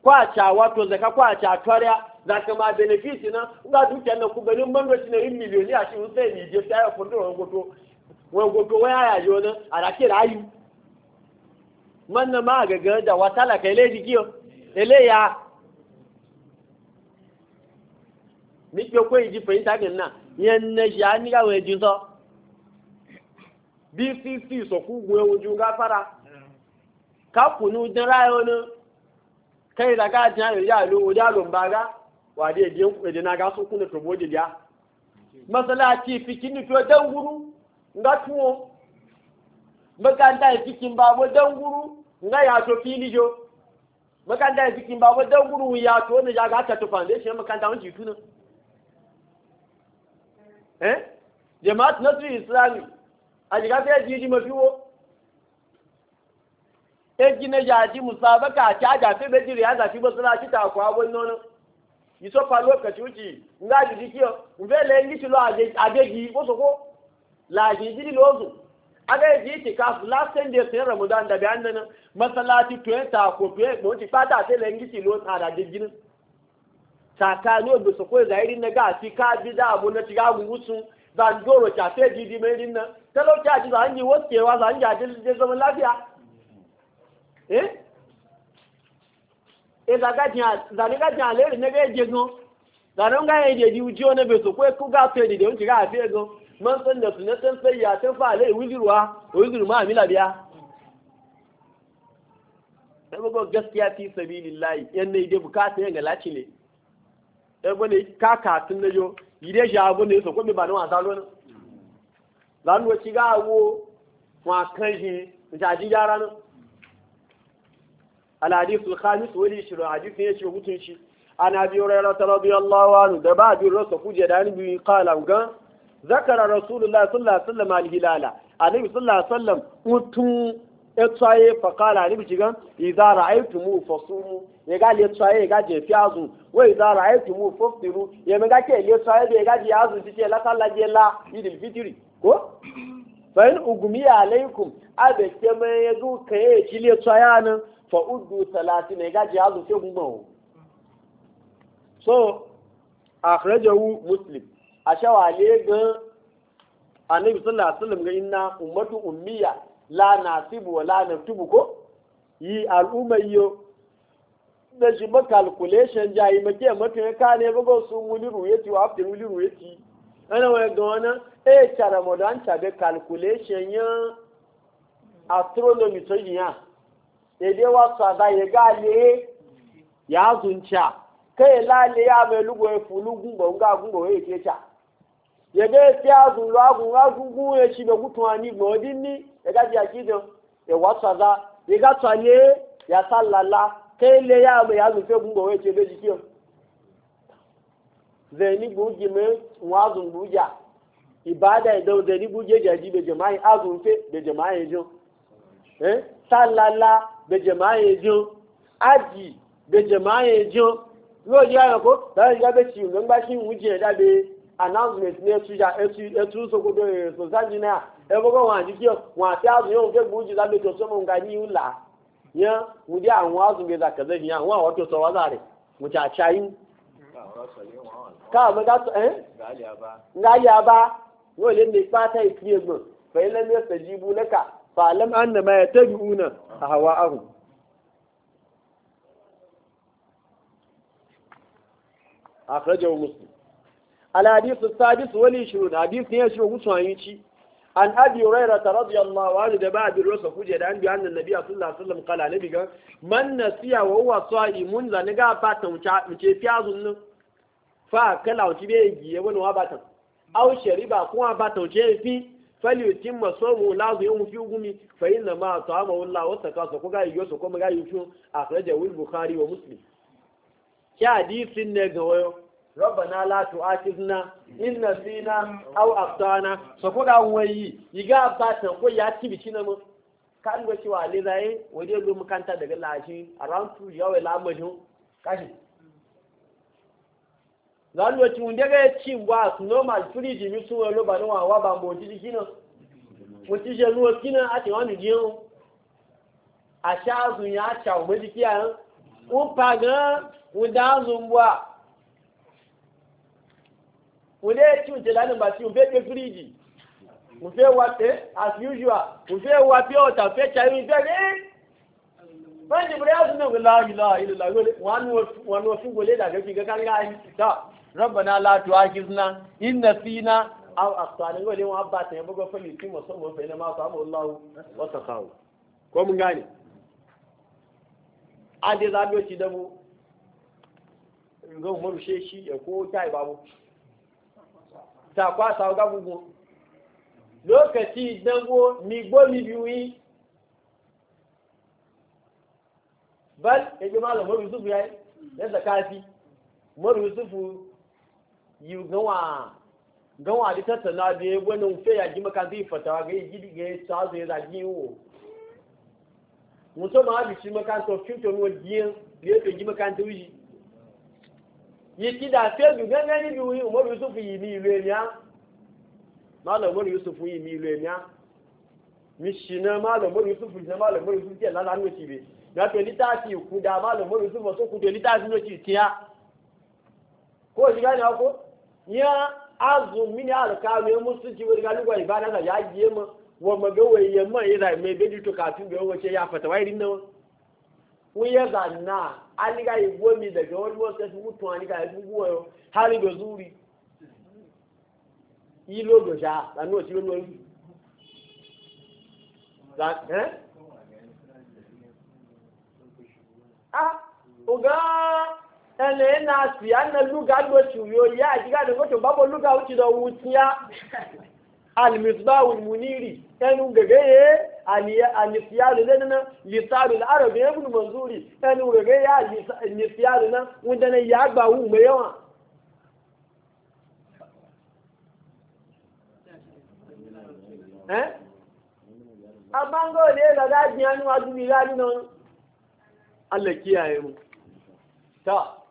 kó zaka wà tó zẹ̀ká kó àtsà àtọ́rẹ́à zàkà máa bẹnẹfíìsì náà ńgbà dúkìá náà kú bẹ̀rẹ̀ mọ́ngọ́ ti náà mílíọ̀nì àti ìwúsẹ́ ìlú ìdí ẹ̀fẹ́ ayọ̀ fúnni na ara wọn ka ya. níbi okó ji di fèyíta na náà yẹn ń nẹ́sì á níyàwó ẹ̀jú sọ bí fífi ìsọ̀kú gun ewu ju gáfárà káàpù ní ojú ya yẹn ní kẹ́yìn ìdá káàtì náà yóò yá ìlú ojú àlòmbaga wà á dé èdè èdè náà ká sókún ní tòbó dèdè á mọ́sálásí ìfikì ní tó dẹ́ngúrú ńgá tún o mọ́kàndá ìfikì ń bá wọ́n dẹ́ngúrú eh jama'at nasri islami a jiga sai ji mafi wo e gina jaji musabaka ta a fi be jiri ya zafi basura ki ta kwa gon nono yi so faru fa lokaci wuce nga jiji kiyo mbe le ngi ti lo aje aje gi bo so ko la ji jiji di lozu ga ji ti ka su last ten days ne ramadan da bi annan masallaci to ta ko be mo ti fata sai le yi ti lo ta da jirgin tsakani obi su kwai zairi na ga fi ka bi da abu na tiga gugusu zan doro ta fe didi mai din nan talauci a ji zan yi waskewa zan yi ajin da zaman lafiya eh e zaga e jiya zani ga jiya leri na ga je gan zani ga ye je di uji ona be so kwai ku ga fe didi on tiga fe gan man san da su na san sai ya san fa le wuzirwa wuzuru ma mi labiya e sai ga gaskiya fi sabilillahi yan ne dai bukata yan e ga laci ne ebole kaka tun na yo ide ja abu ne so ko mi ba ni wa ta na ti ga wo wa kan nja ji yara na al hadith al khamis wali shiru hadith ne shi shi an abi radiyallahu anhu da ba da bi qala ga zakara rasulullahi sallallahu alaihi wasallam al hilala annabi sallallahu alaihi wasallam utun etsaye fakala ni bijiga idza ra'aytumu fasumu ye ga le tsaye ga je fi azu wa idza ra'aytumu faftiru ye me ga ke le tsaye be ga ti ce la sala je la idil ko fa in alaikum abe ye du ke le tsaye fa ga ke so akhrajahu muslim ga annabi sallallahu alaihi wasallam ga inna ummatu ummiya la nasibu wa na naktubu ko yi al'umma yo da shi ba calculation ja yi make maka ka ne ba go su muli ruye ti wa after muli ruye ti ana wa ga wana e cha ramadan cha be calculation ya astronomy to ya e de wa sa da ye ga le ya zuncha kai la le ya be lugo e fulugun go nga gungo e ke cha ye ga ti azun lo agun agun gun e chi be gutun ani gbo din ni ya gaji ya gidan ya wasa za ya gata e e ne ya sallala kai le ya mai ya zufe gungo wai ce bai jikin zaini bugi mai wazun buja ibada idan zaini buge jaji bai jama'i azunfe bai jama'i jin eh sallala bai yóò yá ẹ̀rọ kó lọ́wọ́ ìyá bẹ́ẹ̀ tì sí ìwújì ẹ̀dá bẹ́ẹ̀ announcement ní ẹtú sokoto e, society náà ẹgbọ́gbọ́ wọn àti kí wọn àti àwọn yóò fẹ́ gbòójì lábẹ́ tó sọ́mọ́ nǹkan ní ìlà yẹn mo jẹ́ àwọn àzùn gbèsè àkàzẹ́ àwọn àwọn tó sọ wá mo ti àṣà yín. káàmù ká sọ ngáyé abá ní ìfi jí ibú àwa yẹn an abi ta radiyallahu anhu da ba bi rusa kuje da an bi annan nabi sallallahu alaihi wasallam kala nabi ga man nasiya wa huwa sa'imun la ne ga fata mu ce fiyazun nan fa kala wuce be giye wani wa bata au shariba kuma bata wuce fi fali yutim masomu lazu zu yum fi gumi fa inna ma ta'ama wallahi wa takasa ko ga yiyo so ko ga yiyo akhrajahu al-bukhari wa muslim ya hadisin ne ga wayo rabbana la tu'akhidna in nasina aw akhtana so ko da wayi yiga ba ta ko ya tibi kina kan go cewa le zai waje go makanta daga lashi around 2 yawa la mu kashi zan go ci unde ga ci normal free di mi su wa lo ba no kina mo kina ya cha o me di kiya un un wòle tí òjò lánàá bá tí o fẹ́ gbé fíríjì o fẹ́ wá pé as usual o fẹ́ wá pé ọ̀tà fẹ́ ṣayé ìjọ ní. wọ́n ti bẹ̀rẹ̀ ọ̀sùn náà wòlá ìlà ìlà wọn ni wọ́n fún fi gẹ́gẹ́ ká yìí ta rọ́bànà aláàtò àkíńsínà ìnà síná àtàlẹ́ wọlé wọn bá tẹ̀yẹ́ bọ́gọ́ fẹ́ lè tí mo sọ wọn fẹ́ gani. ta kwasa ọgá gbogbo lókàtí ìdánwò ní gbóníbi wí bẹ́ẹ̀ ẹgbẹ́ máa lọ mọ́rù yusufu yẹn lẹ́sẹ̀ káàfi mọ́rù yusufu yìí gánwà gánwà àti tẹ̀sán náà di ẹgbẹ́ náà fẹ́ yà jímọ̀ kan tí ìfọ̀tà wà gẹ́gẹ́ jídì gẹ́gẹ́ sọ́ọ́sì yẹn láti yín wò mùsùlùmí àwọn àbìsí mọ́kàntó fíntò ní wọ́n jíẹ́ lẹ́ẹ̀fẹ̀ jímọ̀ kan tó yìí ìkídà fẹ́ẹ̀dù gẹ́gẹ́ níbi umaru yusuf yìí ní ìlú ẹ̀mí á máàlù umaru yusuf yìí ní ìlú ẹ̀mí á mi ṣìnà máàlù umaru yusuf ṣìnà máàlù umaru yusuf jẹ́ lálá ní òṣìbè gbàtọ̀ níta ti ìkúdà máàlù umaru yusuf ọ̀sọ́ kùtò níta sí lóṣì tí a kó òṣìṣẹ́ gánà ọkọ yẹn azùn mí ní àlùkáwé mùsù ti wọ́n ga nígbà ìbáná náà yá yé mọ́ wọ́n mọ̀ wuyeza na alika ibwemi daga wani wasu yasu mutu ani ka yasu guwayo hali da zuri ilo da sha lanu wasu ilo nori ah oga ẹnlẹ na si ana luga do si yo ya ajiga da goto babo luga uti da wuti ya alimisibawu muniri ẹnu gẹgẹ yẹ. alisiyaru ne na lisaru da arabi ya bin manzuri ɗan wurare ya lisiyaru na wanda na ya gba wu mai yawa eh? amma ga ne da dajiyanu a duniya nan allah kiyaye mu ta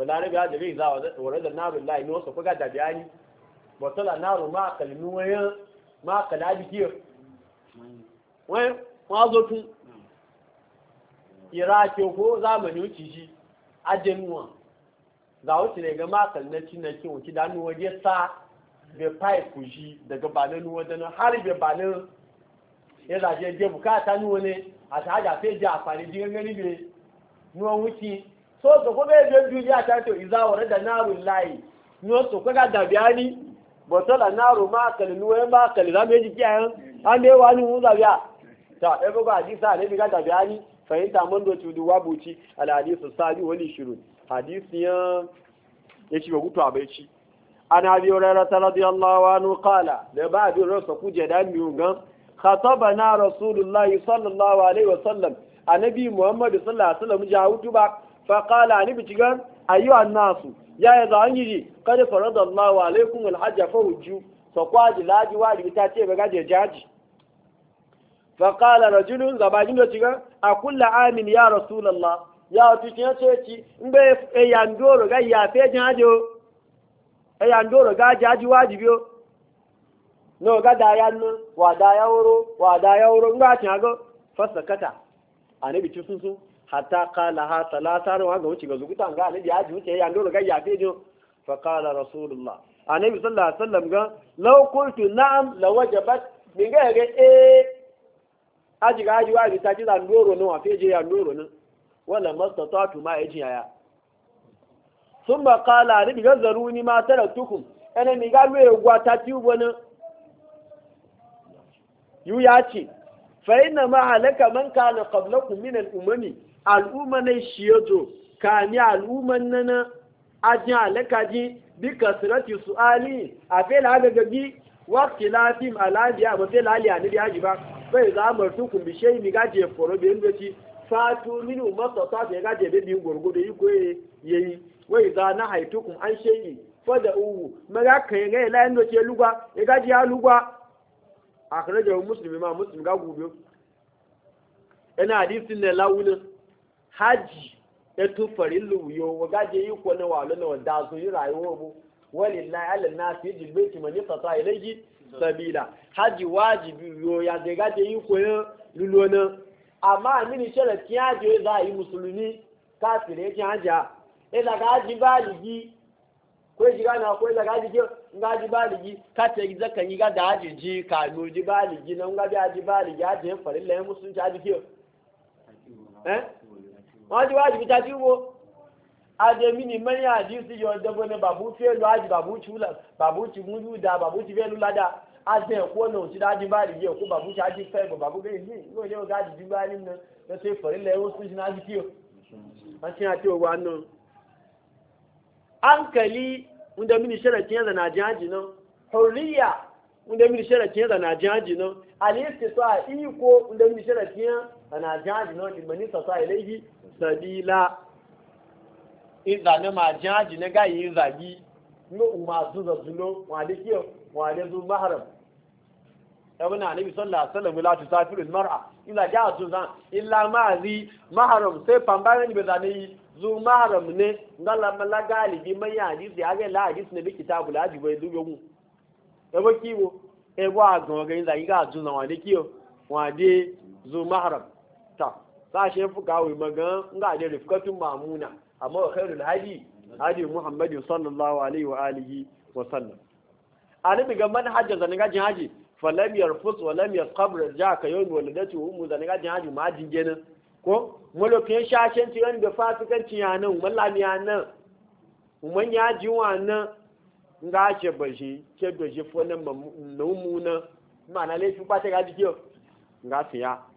balarabe ya jabe za wa da naru lai ne wasu kuka da bayani batala naru ma kalmi waya ma kalabi kiyo wayan kwazo tun irake ko za ni wuce shi a januwa za wuce ne ga makal na cinaki wuce da nuwa ya sa bai fayi ji daga banin nuwa da har bai bana ya zaje je bukata nuwa ne a ta hajja sai ji amfani jirgin gani bai nuwa wuce so so ko be je ju ya ta to izawar da narun layi. no so ko ga da biani botola naru ma kal nu e ma kal da meji ki an an de wa ni mu da ya ta e ko ga ji sa ne bi ga da biani fahimta mun do tudu wa buci hadisu sabi wani shiru hadisi ya yace ba a bai ci an abi hurairah radiyallahu anhu qala da ba bi rasa kuje da mi gan khatabana rasulullahi sallallahu alaihi wasallam annabi muhammad sallallahu alaihi wasallam ja hutuba فقال عن بتجان أيها الناس يا يزانجي قد فرض الله عليكم الحج فوجوا فقواج لاجي واري بتاتي بغاجي جاجي فقال رجل زباجين بتجان أكل عام يا رسول الله يا تشيا تشي مبه ياندورو غا يا فيجاجو غا جاجي واجبيو no ga da ya nu wa da ya wuro wa da ya wuro ga ci ago fasakata anabi ci sun hatta qala ha talata ran ga wuce ga ta ga annabi ya ji wuce ya ndo ga ya fejo fa qala rasulullah annabi sallallahu alaihi wasallam ga law qultu na'am la wajabat ga ga e aji ga aji wa waji ta ji da ndoro no wa afeje ya ndoro no wala mastatatu ma yaji ya thumma qala annabi ga zaruni ma taratukum ana mi ga we gwa ta ti ubo no yu ya ci fa inna ma halaka man kana qablakum min al-umami al'umma na shi yato ka ni al'umman na na ajin alakaji bi ka su ali a fela agagagi wakti lafim alabiya ba fela aliya ni biya ji ba bai za a tu kun bi shei mi gaje foro bi ndo ci fatu minu masa ta ga gaje ya bi gorgodo yi koye yi wai za na haitukum an shei fada uwu ma maga kai ga ila ndo ya lugwa ya gaji ya lugwa akhrajahu muslim ma muslim ga gubo ina hadisin ne lawunin haji ya tufarin yo wa gaje yi ko na walo na wanda su yi rayuwa mu walillahi ala nasi yajil baiti man yastata ilayhi sabila hajji wajibi yo ya de gaje yi ko lulo na amma mini shala yi musulmi ki haja e da gaji ko ji ko da ka yi ga da ji ka ji na ga ji wọ́n ti wájú bíta tí wo ademi ni mẹ́rin àdísí yọ ọ̀dọ́gbọ́n ní bàbú tí èlò àjì bàbú tí wúlà bàbú tí mú yú da bàbú tí fẹ́lú ládà azẹ ẹ̀kọ́ náà tí dájú bá rí yẹ bàbú tí ájí fẹ́ bọ̀ bàbú bẹ́ẹ̀ ní ìlú ìlú ọ̀gá àdìjú bá rí nà lọ́sẹ̀ ìfọ̀rílẹ̀ ó sún sínú ájí kí o ankali ndemini sẹ́rẹ̀ tiẹ̀ àjẹ́ àjì náà ana jaji na wani a sasa ilaihi sabila iza na ma jaji na gayi zagi no umma su da zuno wa da kiyo wa da zu mahram ibn annabi sallallahu alaihi wasallam la tusafiru almar'a ila ja'a zan illa ma'zi mahram sai pambana ni bezani zu mahram ne ngala malaga libi mai hadisi ya ga la hadisi ne bi kitabul haji bai dubo mu ebo kiwo ebo agan ga yin zagi ga zun wa da kiyo wa zu mahram ta ba sashe fuka wai magan nga da rifkatun mamuna amma wa khairul hadi hadi muhammadin sallallahu alaihi wa alihi wa sallam alibi ga zan ga jin haji fa lam yarfus wa lam yasqabr jaka yawm waladatu ummu zan ga jin haji ma gena ko mulukin shashen ti wani da fasikanci ya nan mallami ya nan umman ya ji wannan nga ce ba bashi ke fo nan mamuna ma'ana laifin ba ta gaji kiyo nga fiya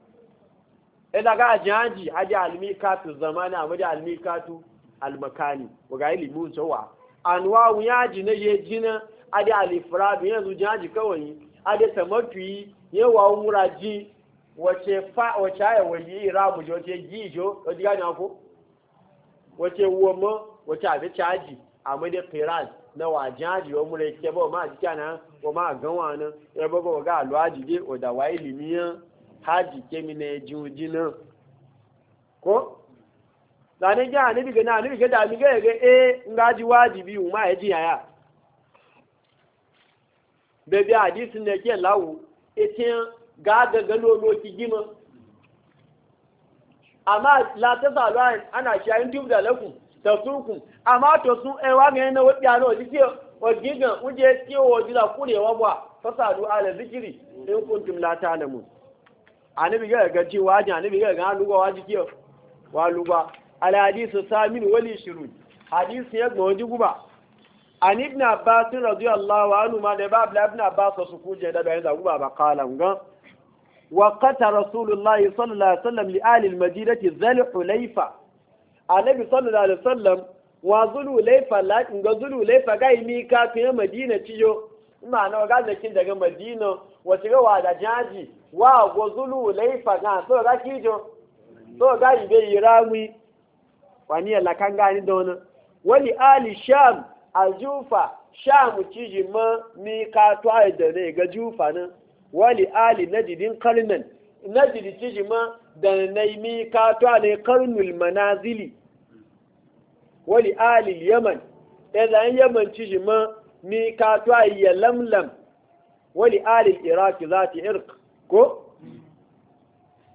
ina ga ajiyaji aji almikatu zamani a maji almikatu almakani waga ilimin cewa anwawu yaji na ye jina aji alifrabi yanzu jaji kawai aji tamatuyi yawa umuraji wace fa wace aya wali irabu jo ce gijo wajen ni ako wace woma wace abi caji a maji pirat na wajaji wa mura ke ba ma jikana wa ma ganwa nan ya bago ga alwaji dai wa da wa ilimiyan haji kemi na ji uji na ko zane ji ani biga na ani biga da ni ga ga e nga ji wajibi ma e ya ji yaya bebe hadisi ne ke lawu etin ga ga galo lo ki gima amma la ta zalwa ana shayin tub da lakum tasukum amma to sun e wa ga ne wadi ano dike ogigan uje ti o dila kurewa ba fasadu ala zikiri in kuntum la ta'lamun anabi ga ga ce waje anabi ga ga lugwa ki kiyo wa lugo al hadithu samin wali shirun hadithu ya gbo ji guba an ibn abbas radiyallahu anhu ma da babu ibn abbas su kuje da bayan da guba ba kala nga wa qata rasulullah sallallahu alaihi wasallam li ahli al madinati zal hulayfa zulu laifa la mi ka fi madina ciyo ma na ga zakin daga madina wace ga wa da jaji wa gozulu laifa na so ga kijo so ga ibe yirami wani yalla kan ni don wani wali ali sham aljufa sham kiji ma mi ka to ai da ne ga jufa nan wali ali najidin qarnan najidi kiji ma da nai mi ka to ne qarnul manazili wali ali yaman idan yaman kiji ma mi ka to ai ya lamlam wali ali iraki zati irq ko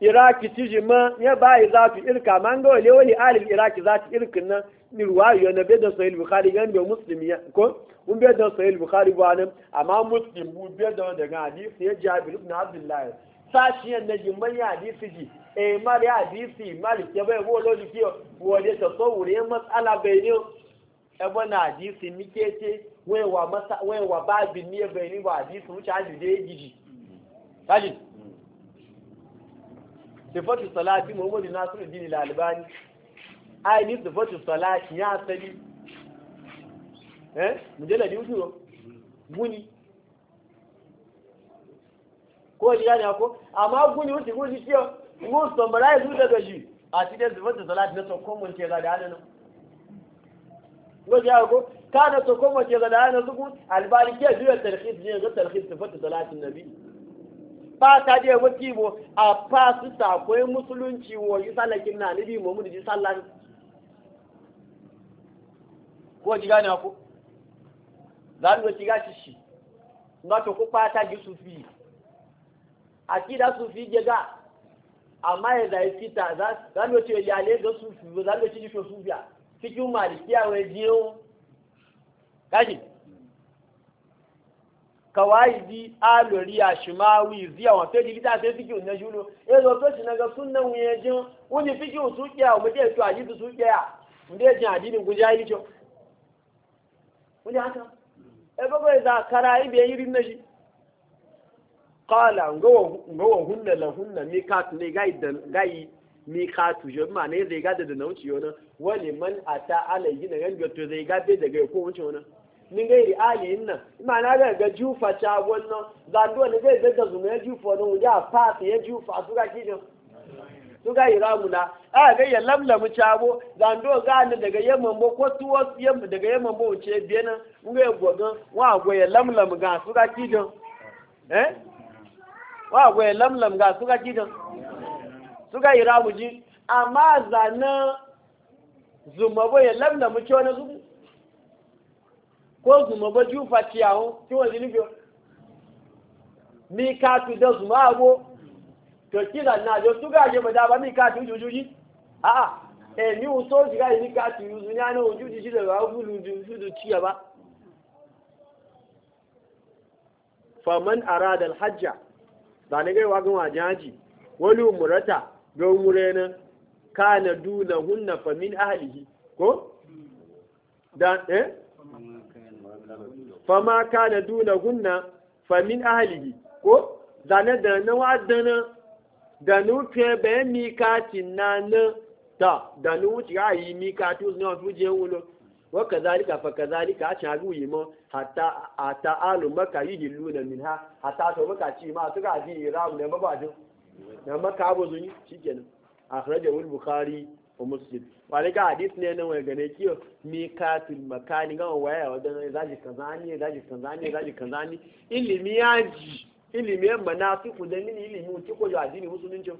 iraki tiji ma ya bayi za su irka ma ga wale wani alil iraki za su irkin nan Nirwa ruwayo na bedan sahih bukhari gan da ya ko mun da sahih bukhari ba nan amma muslim mun bedan daga hadisi ya jabir ibn abdullah sashiyan na jimman ya hadisi ji e mari hadisi malik ya bai wolo ji kiyo wale ta tsawure matsala bai ne ebo bana hadisi mikete wewa masa wewa babin ne bai ni ba hadisi wuce hadisi da ya gidi kaji sifatu salati muhammadu nasiru dini lalibani ai ni sifatu salati ya asali eh mujalladi uku muni. ko ji gani ko amma guni wuce guni kiyo ngun sombara ya zuta gaji a cikin sifatu salati na sokon mun ce da hannu. ko ji ko kana sokon mun ce da hannu, su kun albani ke biyar tarhis ne ga tarhis sifatu salatin nabi ba ta je wati bo a fa su ta koyi musulunci wo yi salakin na nabi muhammadu ji sallan ko ji gane ku zan go gashi shi ba ngato ku fa ta ji sufi akida sufi je ga amma ya da ta za zan go ya le ga sufi zan go tiga sufiya cikin malikiya wai jiyo gashi kawaidi alori ashimawi ziya wọn fẹ́ di lítà fẹ́ fíkì òní ṣúlò èrò tó ṣì nàgà súnà wọn yẹn jẹun wọn ni fíkì òsú jẹ àwọn ọmọdé ètò àdídù sú jẹ à ọmọdé ètò àdídù kò jẹ ayé jọ. wọn ni àtọ ẹgbẹgbẹ ìta kara ibi ẹyìn rí mẹsì. kọ́ọ̀là ngọ́wọ̀ hunna la hunna mi káàtù ní gáyì mi káàtù jọ mà ní ẹ̀rẹ́ ìgá dẹ̀dẹ̀ náà ó ti yọ náà wọ́n ni mọ́n àtà alẹ́ yìí nà ni min gairi inna nan na ga ga jufa ta wannan zando ne ga daga zuma ya jufa no ya fa fata ya jufa su ga kijin su ga iramuna a ga ya lamlamu cabo zando ga ni daga yamman bo ko tuwo yamma daga yamman bo ce biyanan mun ga gogan wa go ya lamlamu ga su ga kijin eh wa go ya lamlam ga su ga kijin su ga iramuji amma zanan zuma bo ya lamlamu ce wani zubu ko zuma ba jufa ciyawo ki wani nufi mi ka tu da zuma abo to kila na jo mi tu a a e ni o so ji ga ni ka tu yuzu ni ana ojuji ji da ba bulu ju su du ciya ba faman arada alhajja da ne ga wa ga wajaji na duna hunna famin ahlihi ko da eh fama na duna gunna famin ahalihi ko zane da na dana da nufe bayan mikati na na ta da nuci a yi mikati wasu na wasu wulo wa kazalika fa kazalika a can ruyi mo hatta a ta'alu maka yi hillu na min ha hatta to maka ci ma su ga ji ramu da mabajin na maka abu zuni shikenan akhrajahu wani bukhari wa muslim wani ga hadis ne nan wani gane kiyo mi katil makani ga waya wadan zaji kazani zaji kazani zaji kazani ilimi ya ilimi ya manasiku da mini ilimi ci ko ya addini musulunci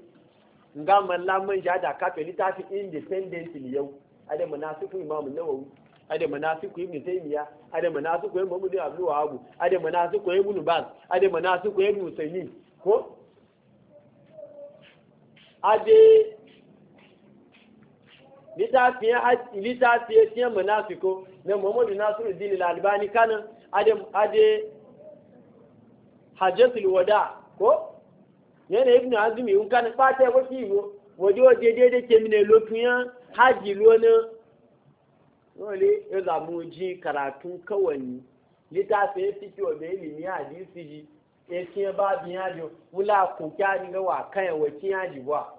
nga mallamin ja da kafe littafin independently yau ada manasiku imam nawawi ada manasiku ibn taymiya ada manasiku ibn muhammad abdul wahhab ada manasiku ibn ada ibn usaymin ko ade litafiye tiye munafiko na muhammadu nasiru dini lalibani kanin ade hajjatul wada ko yana ibn azumi in kanin ɓata ya wasu yiwu waje waje daidai ke mine lotuyan haji lonin wale ya zamu ji karatun kawani litafiye fiki wa bai limi hadisi ji ya tiye ba biyan jo wula kuka ni ga wa kan ya wakiyan ji ba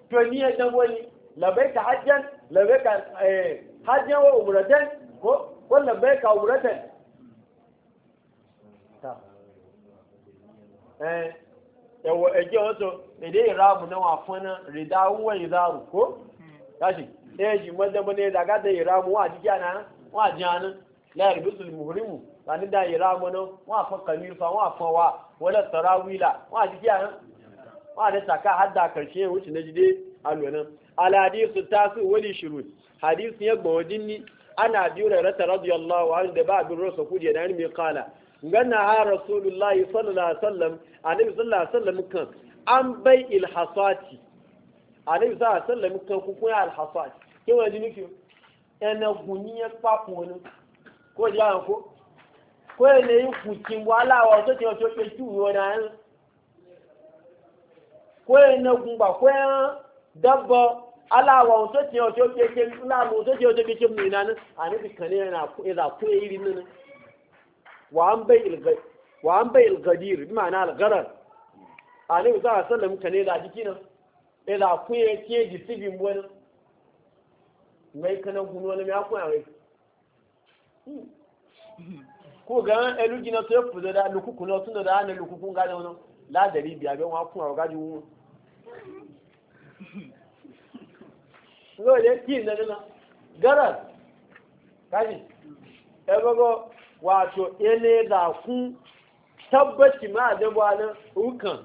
to ni ya dan wani labaika hajjan labaika hajjan wa umratan ko ko labaika umratan ta eh yawa eje wato da dai rabu na wafana rida wa izaru ko kashi ɗaya ji madaba ne daga da iramu wa jiki ana wa jana la yarbisul muhrimu ba ni da iramu na wa fa kamisa wa fa wa wala tarawila wa jiki ana ma da saka hadda karshe wuce na jide alwanan alhadisu ta su wani shiru hadisu ya gbawa dinni ana biyu da rata radiyallahu anhu da ba abin rasa kudi da ni mai kala ganna ha rasulullahi sallallahu alaihi wasallam annabi sallallahu alaihi wasallam kan an bai ilhasati annabi sallallahu alaihi wasallam kan ku kuma alhasati ke wani nufi ena guniya papo ni ko ja ko ko ne yi kucin wala wa so ti o so pe tu yo ko na gumba ko dabba alawa wato ce wato ke ke lamu wato ce wato ke ke mu ina nan anabi kane yana ko iza ko iri nan wa an bai ilgai wa an bai ilgadir bi ma'ana algarar anabi sallallahu jiki nan iza ko ya ke ji wani mai kana guno wani ya hmm. ko ya ko ga elu gina to ya fuzo da lukuku no tun da ana lukuku ló yẹ kí ìlẹ̀ nínú gẹ́rẹ̀ ba ẹgbẹ́gbọ́ wàtò ẹni ẹ̀dà fún tabbaci máa a ní rúkàn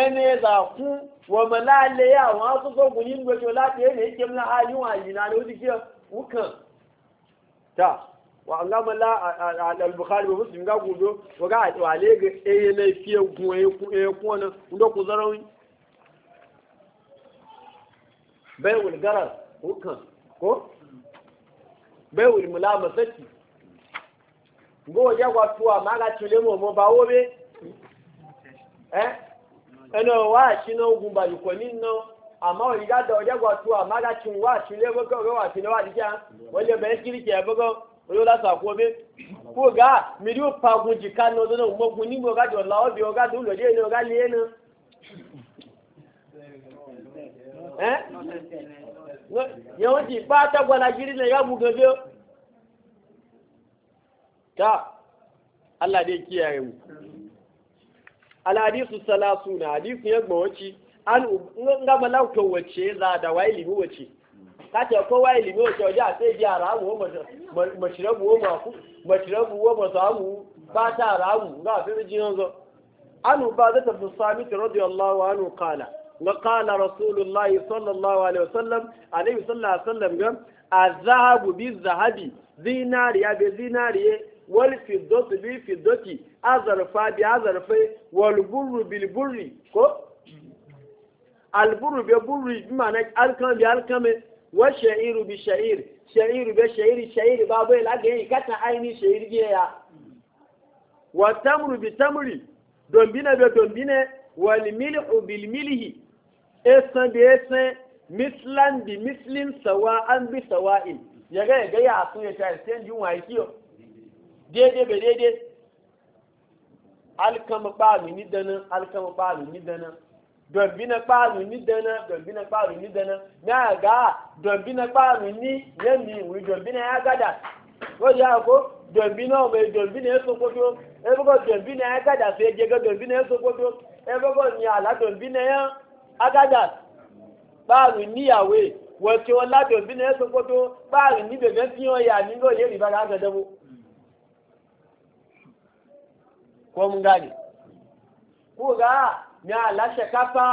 ẹni ẹ̀dà fún wọ̀mọ̀ láàlẹ́ àwọn asọ́sọ́ gùn ní gbẹ̀tọ̀ láti ke ẹ̀kẹ́ mọ́ àyíwọ̀n yi ló ti jẹ́ rúkàn ta wà lámọ́ al-bukhari wa muslim ga gudu wa ga àlẹ́ ẹ̀yẹ na fiye gun ẹ̀kún ọ̀nà ndọ́kùn zarawi baiwul garar hukan ko baiwul mulama saki ngo wajen gwatuwa ma ga cile mu mo ba wobe eh ẹnu wa ṣínà ogun bàjùkọ nínú àmọ́ ìdádọ̀ ọjọ́gbà tó oge wa wà sílé gbogbo ọ̀rọ̀ wà sílé wà ní kíá wọ́n lè bẹ̀rẹ̀ kiri kẹ̀ gbogbo olólásà kú omi kó gá mìíràn pagun jìká eh yawanci ba ta gwala giri ne ya buga biyo ta Allah dai kiyaye mu mm. salasu na hadisu ya gbawaci an ga malaukan wace za da wai limi wace ka ce kowa wai limi wace waje a sai ji a ramu mashirabu wa masu mashirabu wa masu amu ba ta ramu ga fi rijiyar zo anu ba zata fi sami ta radiyallahu anu kala وقال رسول الله صلى الله عليه وسلم عليه صلى الله عليه وسلم الذهب بالذهب دينار يا بديناريا والفضة بالفضة أزرفا بأزرفا والبر بالبر البر بالبر بما بمعنى أركم بأركم والشعير بالشعير شعير بالشعير شعير بابي لا جاي كتا عيني شعير جيا والتمر بالتمر دون بدون بدونبينا والملح بالملح esan da esan mislan bi mislin sawa an bi sawa'in ya ga ya ga ya sun ya ta sai jin wa kiyo daidai ba daidai alkama ba mi ni dana alkama ba ni dana dọ̀bí na ni dana dáná dọ̀bí ni dana na ya ga gá dọ̀bí ni páàlù ní yẹ́mi ìwé dọ̀bí na yá gádà ó yá kó dọ̀bí náà wẹ̀ dọ̀bí na yẹ́sọ ko ẹgbẹ́gbẹ́ ya e na yá gádà fẹ́ jẹ́gẹ́ ya so yẹ́sọ kótó ẹgbẹ́gbẹ́ ní àlá dọ̀bí na yẹ́ agadas báàrin níyàwó wọ́n tí wọ́n láti òbí náà tó kótó báàrin ní bèbè tí wọ́n yà nílò yé rí bára kọ́ mú gáàdì kó rà ní aláṣẹ kápá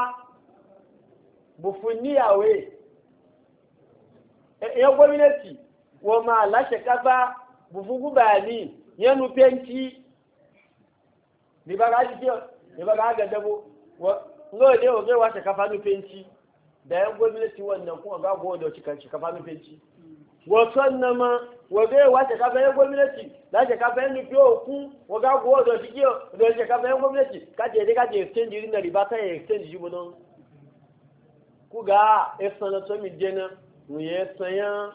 bò fún níyàwó èèyàn gómìnàtì wọ́n máa aláṣẹ kápá bò fún gúbàání yẹnu pẹ́ńtì ní bára no ne wa gaiwa ta kafa nufinci da yan gwamnati wannan kuma ga gowa da cikin shi kafa nufinci wasan na ma wa gaiwa ta kafa yan gwamnati da ta kafa yan nufi oku wa ga gowa da cikin da ta kafa yan gwamnati ka je ne ka je exchange irin da riba ta ya exchange ji bunan ku ga mi jena mu ya sayan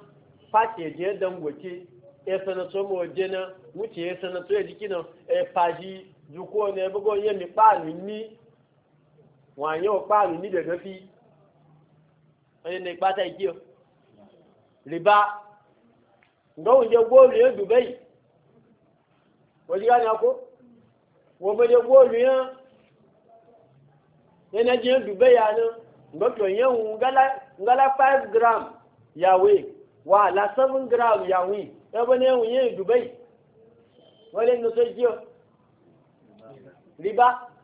fati je dangote esanatomi mu jena wuce esanatomi jikinan efaji juko ne bugon yemi kpa ni wàyàn páàlù níbẹ̀ kan fi ẹni ní ipá tẹ̀ jí ọ rìbá ǹdọ́wọ̀n jẹ góòlù yẹn dùbẹ́ yìí wọ́n ti wọ́n fẹ́ jẹ góòlù yẹn yẹn náà jẹ́ dùbẹ́ yà ni ǹdọ́tọ̀ yẹn ń ngala five gram yàwé wà lá seven gram yàwé ẹgbẹ́ ní ẹ̀hún yẹn dùbẹ́ yìí wọ́n lé ní sọ jí rìbá.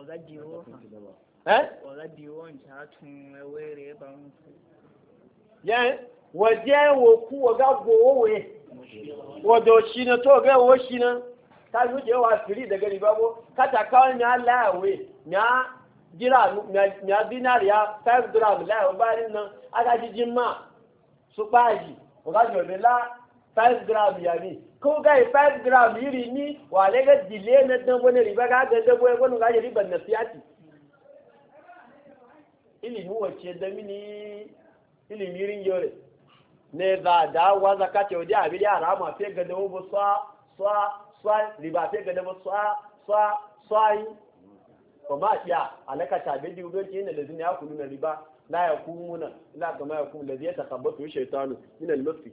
ọ̀gá di owó hàn ga di owó ǹjẹ́ àtún ẹwẹ́ rẹ̀ bá ń fún. yẹn wọ́n jẹ́ òkú ọ̀gá gbowó wẹ̀ wọ́n dọ̀ ṣìnà tó ọ̀gá ìwọ́ ṣìnà táyọ̀ jẹ́ wà sírí ìdẹ́gẹ́rì ya dinariya 5 la o bari nan aga jijin ma su baji o ga jobe la 5 dirham ya ni ko ga 5 gram yiri ni wa le ga dile na dan wani riba ga ga dabo ya wani ga riban na siyati ilimi wace da mini ilimi rin yore ne da da wa zakati wa da bi yara ma fe ga dabo bo swa swa sa riba fe ga dabo swa swa yi ko ma ya alaka ta be di ubanci ne da zina ya kunu na riba la yakumuna la kama yakum ladhi yatakhabbatu shaytanu min al-mafi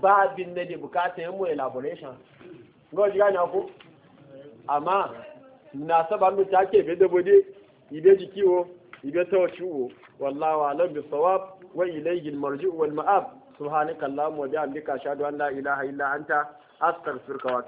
babin na da bukata yin mu elaboration ga wajen gani ku amma na saba mu ta ke bai dabode ibe jikiwo ibe ta wacce wo wallawa alam bi sawab wa ilayhi marji'u wal ma'ab subhanaka allahumma wa bihamdika ashhadu an la ilaha illa askar astaghfiruka wa